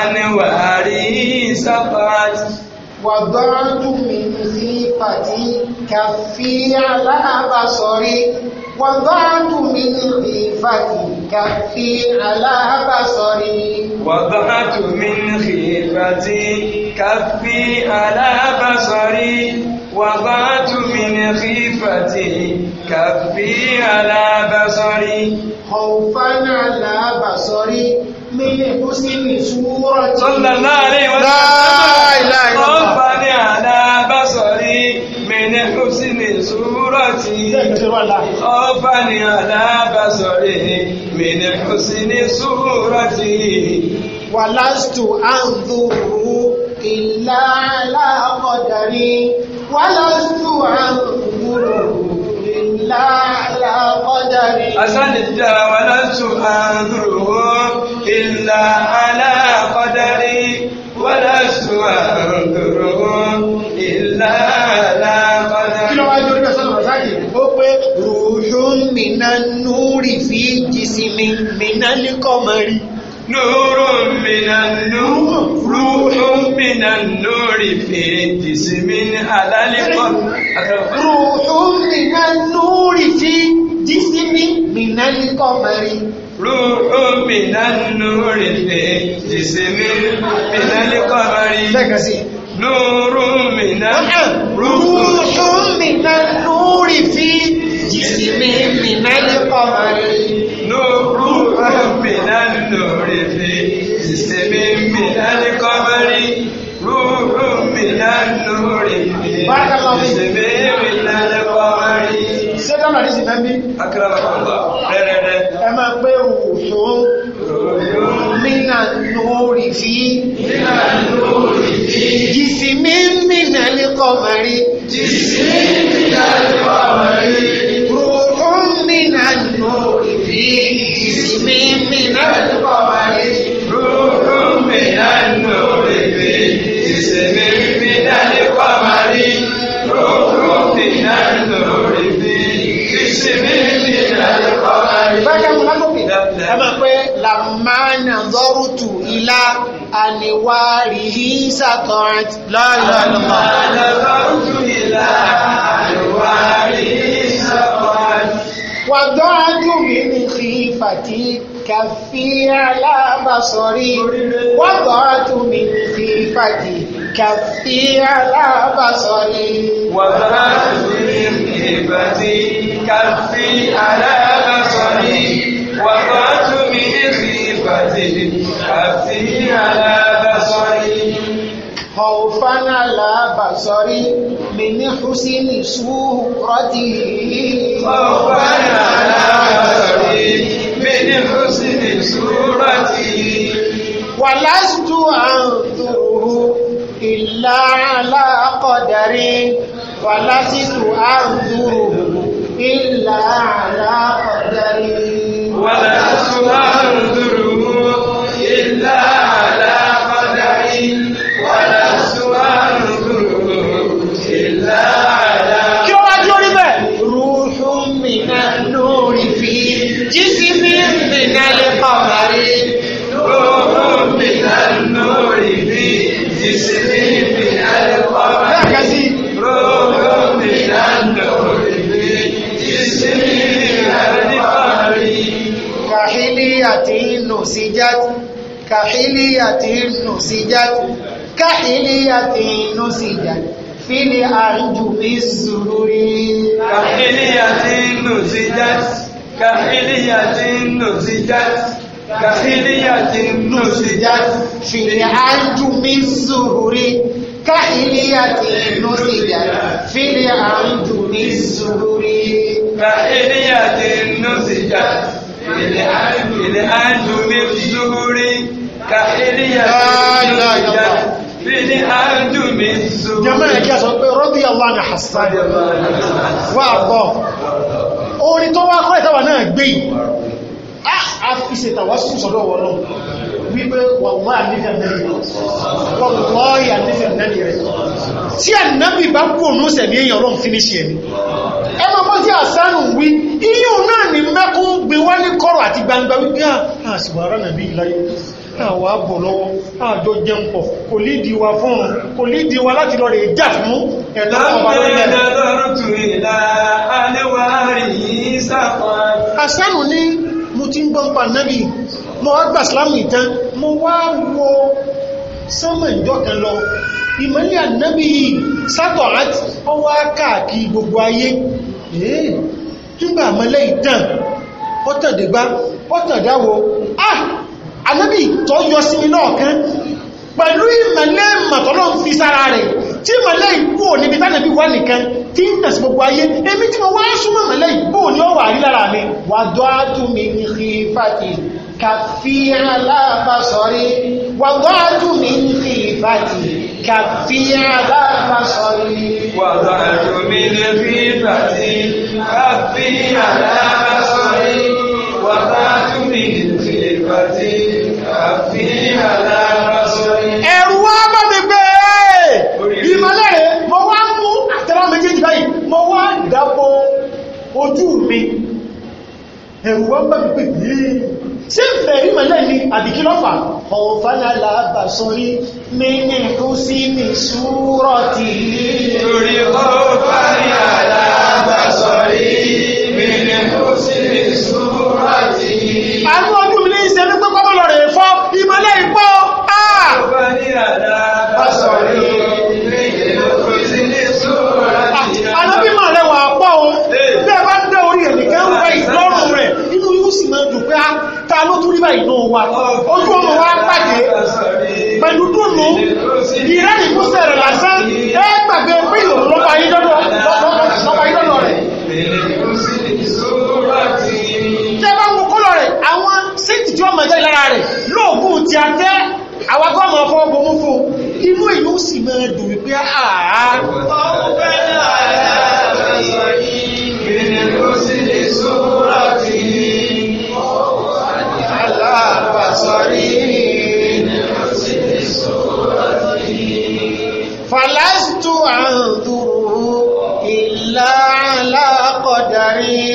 أنواري سطعت وضعت من خيفتي كفي على بصري وضعت من خيفتك كفي على بصري وضعت من خيفتي كفي على بصري وضعت من خيفتي كفي على بصري خوفا على بصري من حسن صورتي صلى الله عليه وسلم لا إله إلا الله surati ọ̀fàní alábàṣọ̀rẹ̀ mìíràn husni surati. wàlásù àǹdùrú ìlà aláàkọ̀dàrí wàlásù àǹdùrú ìlà aláàkọ̀dàrí. asánidà wàlásù àǹdùrú ìlà aláàkọ̀dàrí wàlásù àǹdùrú ìlà aláàkọ̀dàrí. من النور في جسم من القمر نور من النور روح من النور في جسم على القمر روح من النور في جسم من القمر روح من النور في جسم من القمر نور من روح من النور في من من القمر نور من النور في جسم من القمر نور من النور في جسم من القمر sẹ́dọ̀nà ní sinmi bí. akérèlà kan gbà rẹ́rẹ́rẹ́. ẹ máa pé òṣó mina nùúrì fi. mina nùúrì fi. jìsìmí mina lè kọ́ mari. jìsìmí mina lè. من القمر نور من النور باسم من القمر نور من النور باسم من القمر من خيفتي كفي على بصري وضعت من خيفتي كفي على بصري وضعت من خيفتي كفي على بصري وضعت من خيفتي كفي على بصري خوفا على بصري من حسن صورته خوفا على بصري من حسن صورته ولست أنظره إلا على قدري ولست أنظره إلا على قدري ولست أنظره نسجت كحلية نسجت كحلية نسجت في الأرجب الزرور كحلية نسجت كحلية نسجت كحلية نسجت في الأرجب الزرور كحلية نسجت في الأرجب الزرور كحلية نسجت الآن بالزهور كحلية بالآن بالزهور جماعة كيف رضي الله عن حسان وعضاه orin tó wá kọ́ ìtawà náà gbé ìṣètàwà sùn sọ́dọ̀ wọ́n náà wípé wàwọ́ ànífẹ́ mẹ́rin wọ́wọ́ ànífẹ́ mẹ́rin rẹ̀ tí ànábì bá kú òun ó sẹ̀mí èèyàn ọlọ́run fínísì ẹni ẹ máa àsánù wí iyún náà ni mẹ́kún gbé wá ní kọ̀rọ̀ àti gbangba wípé àṣìwà ah, ara nàbí ìláyé àwọn àbọ̀ lọ́wọ́ àjọ jẹun pọ̀ kò lídìí wa fún un kò lídìí wa láti lọ rẹ̀ jà fún ẹ̀nà ọ̀pàá lọ ìmọ̀lẹ̀ ànábì sátọ̀ àti ọwọ́ káàkiri gbogbo ayé èé túnbà àmọ́lẹ́ ìtàn ọ́tàdégbá ọ́tàdáwò ah anábì tó yọ sí mi náà kan pẹ̀lú ìmọ̀lẹ́ màtọ́lọ́ fi sára rẹ̀ tí mọ̀lẹ́ ìkú ò níbi tánàbí wà nìkan tí ń tẹ̀sí gbogbo ayé èmi tí mo wá súnmọ́ mọ̀lẹ́ ìkú ò ní ọwà rí lára mi wà dọ́ádù mi ní khifati kàfíà láàbà sọ́rí wà dọ́ádù mi ní khifati كفي عذاب صليب وضعت من خيفتي كفي عذاب صليب وضعت من خيفتي كفي عذاب صليب ẹ̀rù wá bá mi gbé ìmọ̀lẹ́ rẹ̀ mo wá mú ojú mi ẹ̀rù wá bá mi gbé yìí ṣé bẹ̀rí mọ̀lẹ́ ni àbìkí lọ́fà ọ̀fánà làbà sórí mẹ́ni kú sí ní ṣúrọ̀ tí lórí ọ̀fánà làbà sórí mẹ́ni kú sí ní ṣúrọ̀ mọ̀ jáde lára rẹ̀ lóògùn ti a tẹ́ àwakọ́ mọ̀ fọ́ bomú fún inú ìlú sì mọ̀ dùn wípé àá Fàlásítù àǹdùrú ìlà aláàkọ̀dàrí,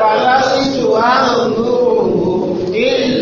fàlásítù àǹdùrú.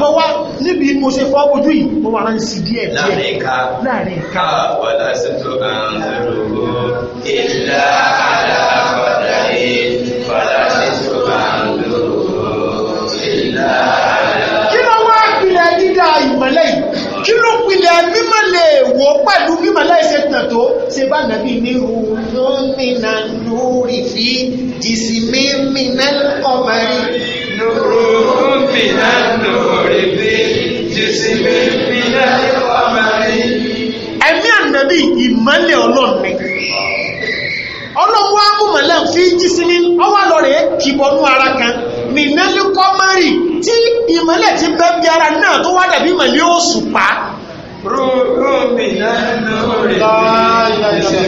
mọ́ wá níbi mo ṣe fọ́ ojú yìí mo wà ń sì díẹ̀ díẹ̀ láàrin ká wàdá sí tó à ń rò ó ìlà àlàfàdà yìí wàdá sí tó à ń rò ó ìlà àlàfàdà. kí ló wá pilẹ̀ dídá ìmọ̀lẹ̀ yìí kí ló pilẹ̀ mímọ̀ lè wò pẹ̀lú mímọ̀ láì tàn tó ṣe bá nàbí ní rúnmínà lórí fi jìsìmí mìíràn ọmọ rí. rúnmínà. ẹ̀mí ànàbí ìmọ́lẹ̀ ọlọ́ni ọlọ́wọ́ amúmọ̀lá fi jí sí ní ọwọ́ lọ kìbọnú ara kan nìnẹ́lẹ́kọ́ mẹ́rin tí ti bẹ́ bí ara náà tó wá dàbí ìmọ́lẹ̀ òṣùpá rúrú náà lórí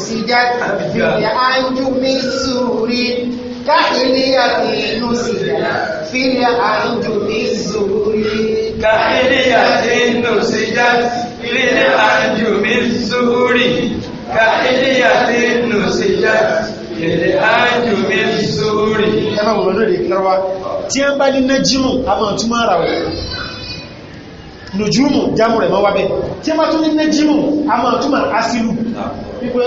نسجت في الأنجم السوري كحلية نسجت في الأنجم السوري كحلية نسجت في الأنجم السوري كحلية نسجت في الأنجم السوري أنا أقول لك tí a ń bá ní nájímù a máa túnmọ́ ara rẹ̀ nùjúmù jámù rẹ̀ mọ́ wábẹ̀ tí a máa tún ní nájímù a máa túnmọ̀ asìlù wípé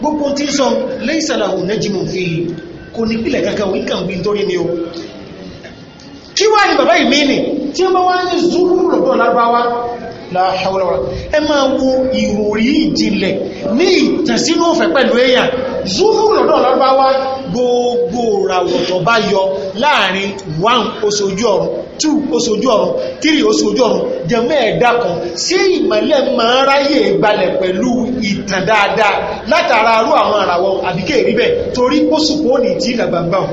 gbogbo tí sọ lẹ́ìsàlàwò nẹ́jìmù fi kò ní pílẹ̀ kankan wíkàn bí torí ni o kí wá ní bàbá ìmìnì tí ó bá wá ní zúrú lọ́dọ̀ lábáwá láhàwọ́lọ́wọ́ ẹ wo ìròrí ìjìnlẹ̀ ní ìtànsínú òfẹ́ pẹ̀lú èèyàn zúrú lọ́dọ̀ lábáwá gbogbo ràwọ̀tọ̀ bá yọ láàrin wáhùn oṣojú ọ̀run two oṣù ojú ọ̀run three oṣù ojú ọ̀run jẹ̀mọ́ ẹ̀dá kan ṣé ìmọ̀lẹ̀ máa ráyè gbalẹ̀ pẹ̀lú ìtàn dáadáa látara arú àwọn àràwọ̀ àbíké rí bẹ́ẹ̀ torí oṣù kò ní tí ìdàgbà ń bá wọn.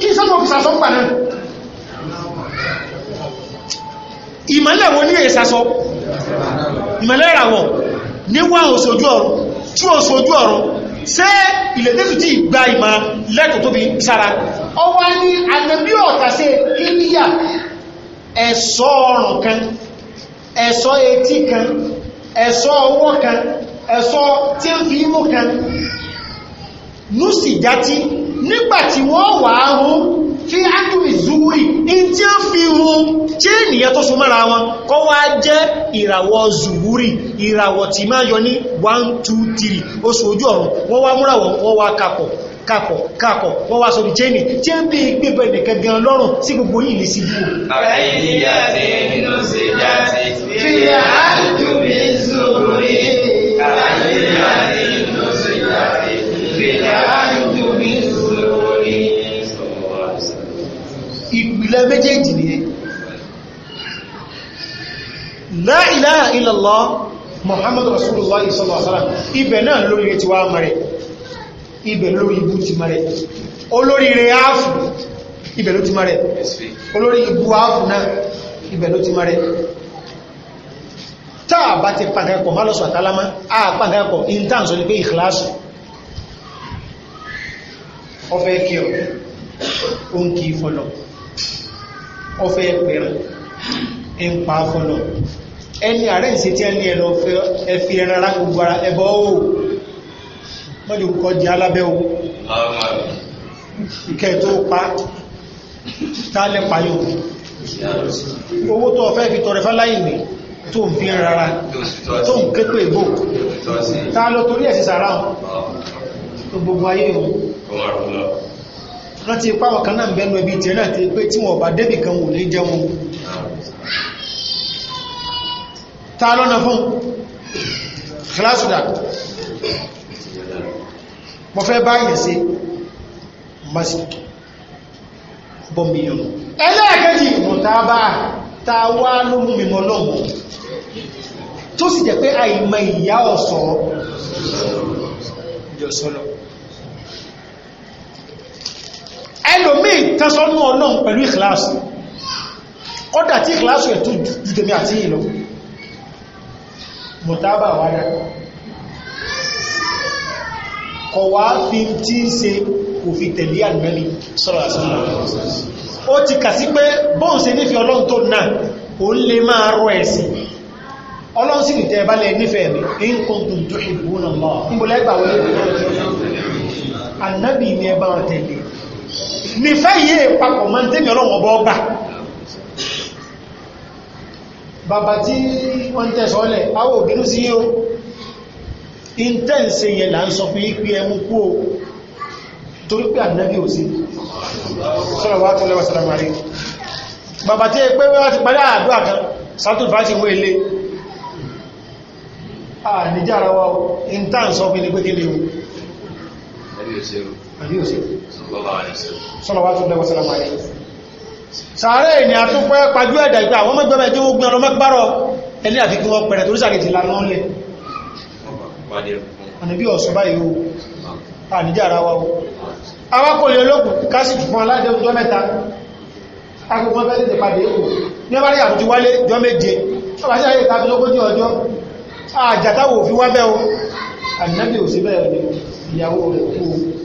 kí sọ́mọ̀ fi sàsọ́ pa náà ìmọ̀lẹ̀ wo ní èyí sàsọ́ ìmọ̀lẹ̀ ràwọ̀ ní oṣù ojú ọ̀run two oṣù ojú ọ̀run ṣé ilẹ̀ tẹ́sù tí gba ìmọ̀ lẹ́tọ̀ tóbi sára ọwá ní ànàbí ọ̀tà sí kíníyà ẹ̀ṣọ́ ọrùn kan ẹ̀ṣọ́ etí kan ẹ̀ṣọ́ ọwọ́ kan ẹ̀ṣọ́ tí ń fi imú kan nùsì játí nígbàtí wọ́n wà á hún fi ákùnrin zúúrì in tí ó fi hun tí ènìyàn tó súnmọ́ra wọn kọ́ wá jẹ́ ìràwọ̀ zúúrì ìràwọ̀ tí máa yọ ní 1 2 3 oṣù ojú ọ̀run wọ́n wá múràwọ̀ wọ́n wá kapọ̀ kakọ̀ kakọ̀ wọ́n wá sórí jẹ́ni tí ń bí ìpìlẹ̀ méjèèjì nìyẹn la ilaha illallah muhammad rasulullah sallallahu alaihi wasallam ibẹ̀ náà lórí rẹ̀ ti wá mẹ́rẹ̀ ibẹ̀ lórí ibú ti mẹ́rẹ̀ olórí rẹ̀ áàfù ibẹ̀ ló ti mẹ́rẹ̀ olórí ibú áàfù náà ibẹ̀ ló ti mẹ́rẹ̀ táà bá ti pàtàkọ̀ má lọ́sọ̀ àtàlámá àà intanso ní pé ìkìláṣù ọfẹ́ kí ọ ó ń fọ́lọ̀ ọfẹ́ pẹ̀rẹ̀ ń pa fọ́lọ̀ ẹni ààrẹ ìṣe tí ẹni ẹ̀lọ ẹfi ẹran ara gbogbo ara ẹbọ ó mọ́jú kọjá alábẹ́ o ìkẹ́ tó pa tálẹ̀ payò owó tó ọfẹ́ fi tọrẹ fáláìní tó ń fi rárá tó ń ké pé ìbò tá lọ torí ẹ̀ sí sàrá gbogbo ayé o rántí ipá ọ̀kan náà bẹ́nu ẹbí tẹ̀ náà ti pé tí wọ́n bá débì kan wò ní jẹun ta lọ́nà fún kílásùdà mo fẹ́ báyìí sí masiki bọ́mílíọ̀nù ẹlẹ́ẹ̀kẹ́jì mọ̀tàbá ta wá ló mú mi mọ́ lọ́mọ́ tó sì jẹ́ pé àìmọ̀ ìyá ọ̀sọ̀ ẹlòmí tẹ́sọ́nú ọlọ́run pẹ̀lú ìkìláàsì kọ́dà tí ìkìláàsì ẹ̀ tó jùtẹ̀mí àti ìlọ mọ̀tábà wádà kọ̀ wá fi tí ń ṣe kò fi tẹ̀lé ànìmẹ́lì sọ́rọ̀ ó ti kà sí pé bóun ṣe nífẹ̀ẹ́ ọlọ́run tó náà ó lè máa rọ ẹ̀sìn ọlọ́run sì nìtẹ́ balẹ̀ nífẹ̀ẹ́ mi in kuntum tuhibbuna Allah ń bọ́lẹ́gbàwé ànábì ní ẹbá tẹ̀lé nífẹ́ yìí papọ̀ mọ́ tẹ́mi ọlọ́wọ́ bọ́ gbà bàbá tí wọ́n ń tẹ́sọ́lẹ̀ awò òbínú sí yíó intẹ́ǹsẹ̀ yẹn là ń sọ fún ipi ẹmú kú o torí pé ànábì ò sí bàbá tí pé wọ́n ti parí àdúrà kan sátúfà ti wé ilé àníjà ara wa intẹ́ǹsọ́ fún ilé pé kí ni o àbí òsì sọ́lọ́wọ́tún lẹ́wọ́ sọ́lọ́wọ́ ayé sàárẹ̀ ìní àtúnpẹ́ pàjú ẹ̀dà ìgbà àwọn mẹ́gbẹ̀mẹ́ tí ó gbìn ọlọ́mọ́ gbárọ̀ ẹni àfi kí wọ́n pẹ̀rẹ̀ torí sàrẹ̀ ti lanà ọ́lẹ̀ ọ̀nà bí ọ̀sùn báyìí o àníjà ara wa o awakọ̀lẹ̀ olókùn kásìkì fún aládẹ́jọ́ mẹ́ta akọ̀kọ́ fẹ́ tètè padà èkó ní ọba rí àtúntí wálé jọ méje ọba sí àyè ìtàkùn lógójì ọjọ́ àjàtáwò òfin wábẹ́ o ànínábì òsì bẹ́ẹ̀ ìyàwó rẹ̀ kú o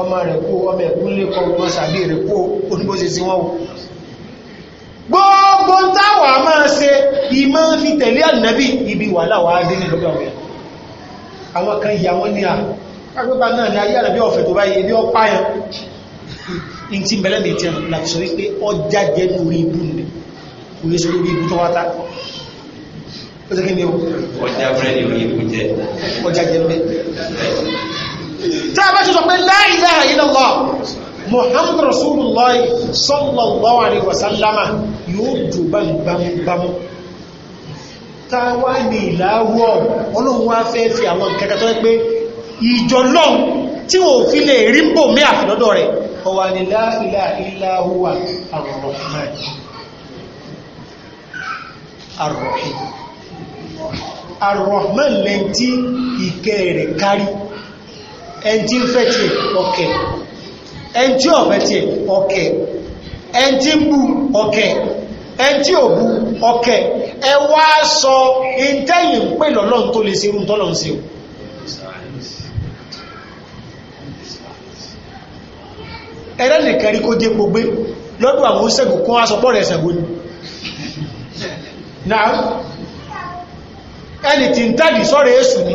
ọmọ rẹ̀ kú ọmọ ẹ̀kún lè kọ wọn sàbí rẹ̀ kú oníbóse sí wọn gbogbo táwà máa ṣe ìmọ́ fi tẹ̀lé ànábì ibi wà láwà á dé ní lọ́gbà wọn àwọn kan ìyà wọn ní à agbẹ́gbà náà ni ayé ànábì ọ̀fẹ́ tó báyé ní ọpá yẹn in ti bẹ̀lẹ̀ mi tiẹ̀ láti sọ wípé ọjà jẹ́ lórí ibú ni kò yẹ sọ lórí ibú tó wáta ó sì kí ni ó ọjà jẹ́ lórí ibú jẹ́ ọjà jẹ́ lórí ibú jẹ́ tí a bá ṣe sọ pé la ilaha illallah muhammadu rasulullah sallallahu alaihi wasallama yóò jù bámbámbámú ta wá ní ìlàwọ̀ ọlọ́run wá fẹ́ fi àwọn kẹkẹtọ́ pé ìjọ náà tí wọ́n fi lè rí bò mí àfilọ́dọ̀ rẹ̀ ọwà ní la ilaha ẹn tí ń fẹ́ tiẹ̀ ọ̀kẹ́ ẹn ọ̀fẹ́ tí ń bu ọ̀kẹ́ ẹn tí ò bu ọ̀kẹ́ ẹ wá sọ ìtẹ́yìn pé lọ́lọ́run tó lè ṣe irú tọ́lọ́run ṣe o. ẹ̀rẹ́ nìkan rí kó dé gbogbé lọ́dún àwọn oṣègùn kún aṣọpọ̀ rẹ̀ ṣẹ̀gbọ́n ni náà ẹni tí ń tàbí sọ́rọ̀ èṣù ni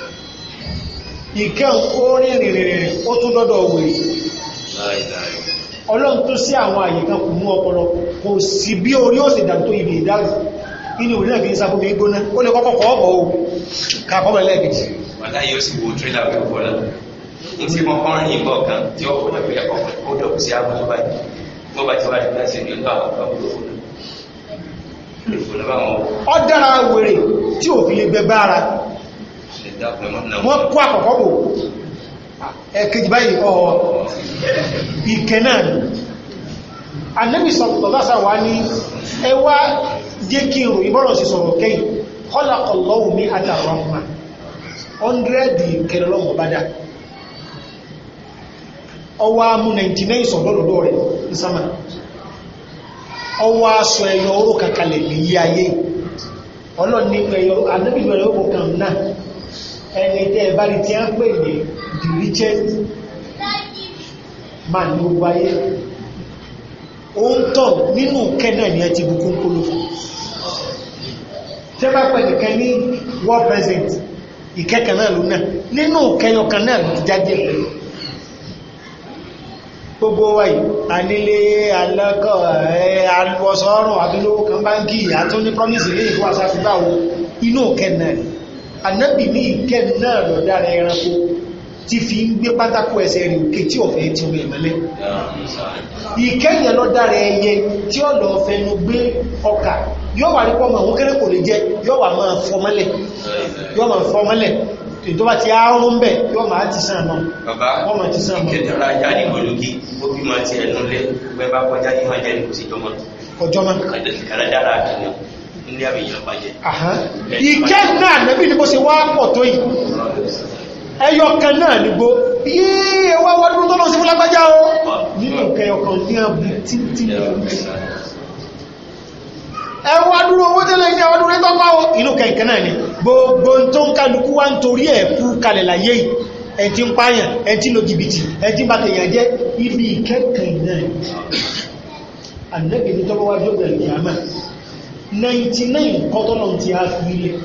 ìkẹ́hùn ó riri rìnrìnrìn ó tún dọ́dọ̀ wèrè ọlọ́run tó sí àwọn kan kò mú ọpọlọ kò sí bí orí ibi ìdáhùn inú ìrìn àfi ń sá fún mi gbóná ó lè kọ́kọ́ o kàkọ́ bẹ̀rẹ̀ lẹ́ẹ̀kejì. wàlá yóò sì wo tírélà pé wọ́n náà ní wọ́n kó àkọ́kọ́ kò ẹ̀kejì báyìí ọ̀họ̀ ìkẹ náà Ànábì sọ̀tọ̀lọ́sà wà ní ẹwà jẹ́ kí ìrò ìbọ́rọ̀ sí sọ̀rọ̀ kẹ́yìn khalaqallahu mi'ata rahma 100 kẹrẹlọ́mọ̀ bá dá ọwọ́ 99 sọ̀lọ́lọ́lọ́ rẹ̀ ìsámà ọwọ́ ní yí ayé ọlọ́ni ẹ̀yọ anábìbẹ̀rẹ̀ ó náà ẹni tẹ́ ẹ bá rí tí a ń pè ní the richest man ní gbogbo ayé ó ń tọ̀ nínú kẹ́ náà ni ẹ ti bu kónkóló fún tẹ́ bá pẹ̀ nìkan ní world president ìkẹ́kẹ̀ náà ló náà nínú kẹyọkan náà ti jáde pẹ̀lú gbogbo wa yìí anílé alákọ̀ alùwọ̀sọ̀ọ̀rùn àbílówó kan báńkì àtúní promise ilé ìfowópamọ́ inú kẹ́ náà ànábì ní ìkẹ́ náà lọ̀dára ẹranko ti fi ń gbé pátákó ẹsẹ̀ rẹ̀ òkè tí ọ̀fẹ́ ti rẹ̀ mọ́lẹ̀ ìkẹ́yàn lọ́dára ẹyẹ tí ó lọ fẹnu gbé ọkà yóò wà ní pọ́mọ̀ òun kéré kò lè jẹ yóò wà máa fọmọ́lẹ̀ yóò máa fọmọ́lẹ̀ tó bá ti àárún bẹ̀ yóò máa ti sàn mọ́ bàbá ìkẹ́jọra ajá ní mọ̀lúkí ó bí máa ti ẹnu lẹ́ pẹ́ bá kọjá ní máa ní kò kọjọ́mọ́ kàdádára àtúnyàn ilé àbíyàn bàjẹ́. ìkẹ́ náà nẹ́bí ni bó ṣe wá pọ̀ tó yìí ẹyọ kan náà nígbó yíè wá wọ́dún tó lọ sí fúlágbájá o nínú kẹyọ kan ní àbú títí ẹwà dúró owó tẹ́lẹ̀ ní àwọn dúró tọ́pá o inú kẹ̀kẹ́ náà ni gbogbo tó ń kálukú wá ń torí ẹ̀ kú kalẹ̀ láyé yìí ẹ̀ tí ń pààyàn ẹ̀ tí ń lo jìbìtì ẹ̀ tí ń bá tèèyàn jẹ́ ibi ìkẹ́kẹ̀ẹ́ náà 99 kọtọ́nà ti a fi ilẹ̀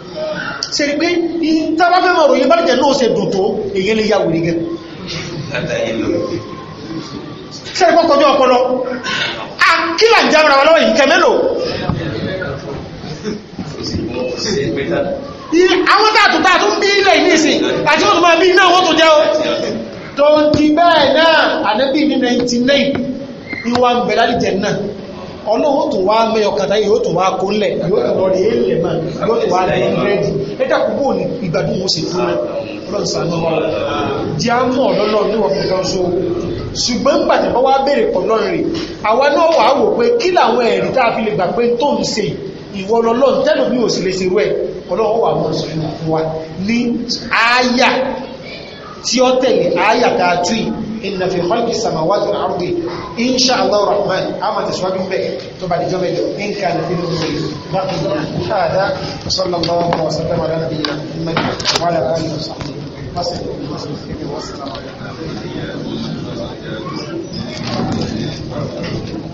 ṣe rí pé ìtàbáfẹ́ mọ̀ ròyìn bá jẹ́ náà ṣe dùn tó èyí lè yà wùrí gẹ́ ṣe rí kọkọjọ́ ọpọlọ àkílà ń jára lọ́wọ́ ìkẹ́ mélòó àwọn tààtù tààtù ń bí ilẹ̀ ìníṣìn àti wọ́n tó máa bí náà wọ́n tó jẹ́ o tó ń ti bẹ́ẹ̀ náà ànẹ́bí ní 99 ìwà ń bẹ̀lá lìjẹ̀ náà ọlọ́run tún wá mẹ́yọ kàtà yóò tún wá kó lẹ̀ yóò tún lọ rí máa yóò tún wá lẹ́yìn rẹ́dì ẹ̀dà púpọ̀ ní ìgbàdùn mo sì fún ọlọ́run sàánú wa jẹ́ á mọ̀ lọ́lọ́ ní wọ́n kan so ṣùgbọ́n gbàtẹ̀ bá wá béèrè pọ̀ lọ́rin rè àwa náà wà á wò pé kí làwọn ẹ̀rí tá a fi lè gbà pé tó ń ṣe ìwọ lọ́lọ́run tẹ́lẹ̀ bí ò sì lè ṣe rú ọlọ́run wà mọ̀ sọ tí ó tẹ̀lé ayàtà tui inna fi khalqi samawati wal ardi insha Allah rahman a máa tẹ̀síwájú mbẹ́ tó bá dìjọ́ mẹ́jọ in kana fi lórí bákan hada sallallahu alaihi wa sallam ala nabiyyina muhammad wa ala alihi wa sahbihi wasallam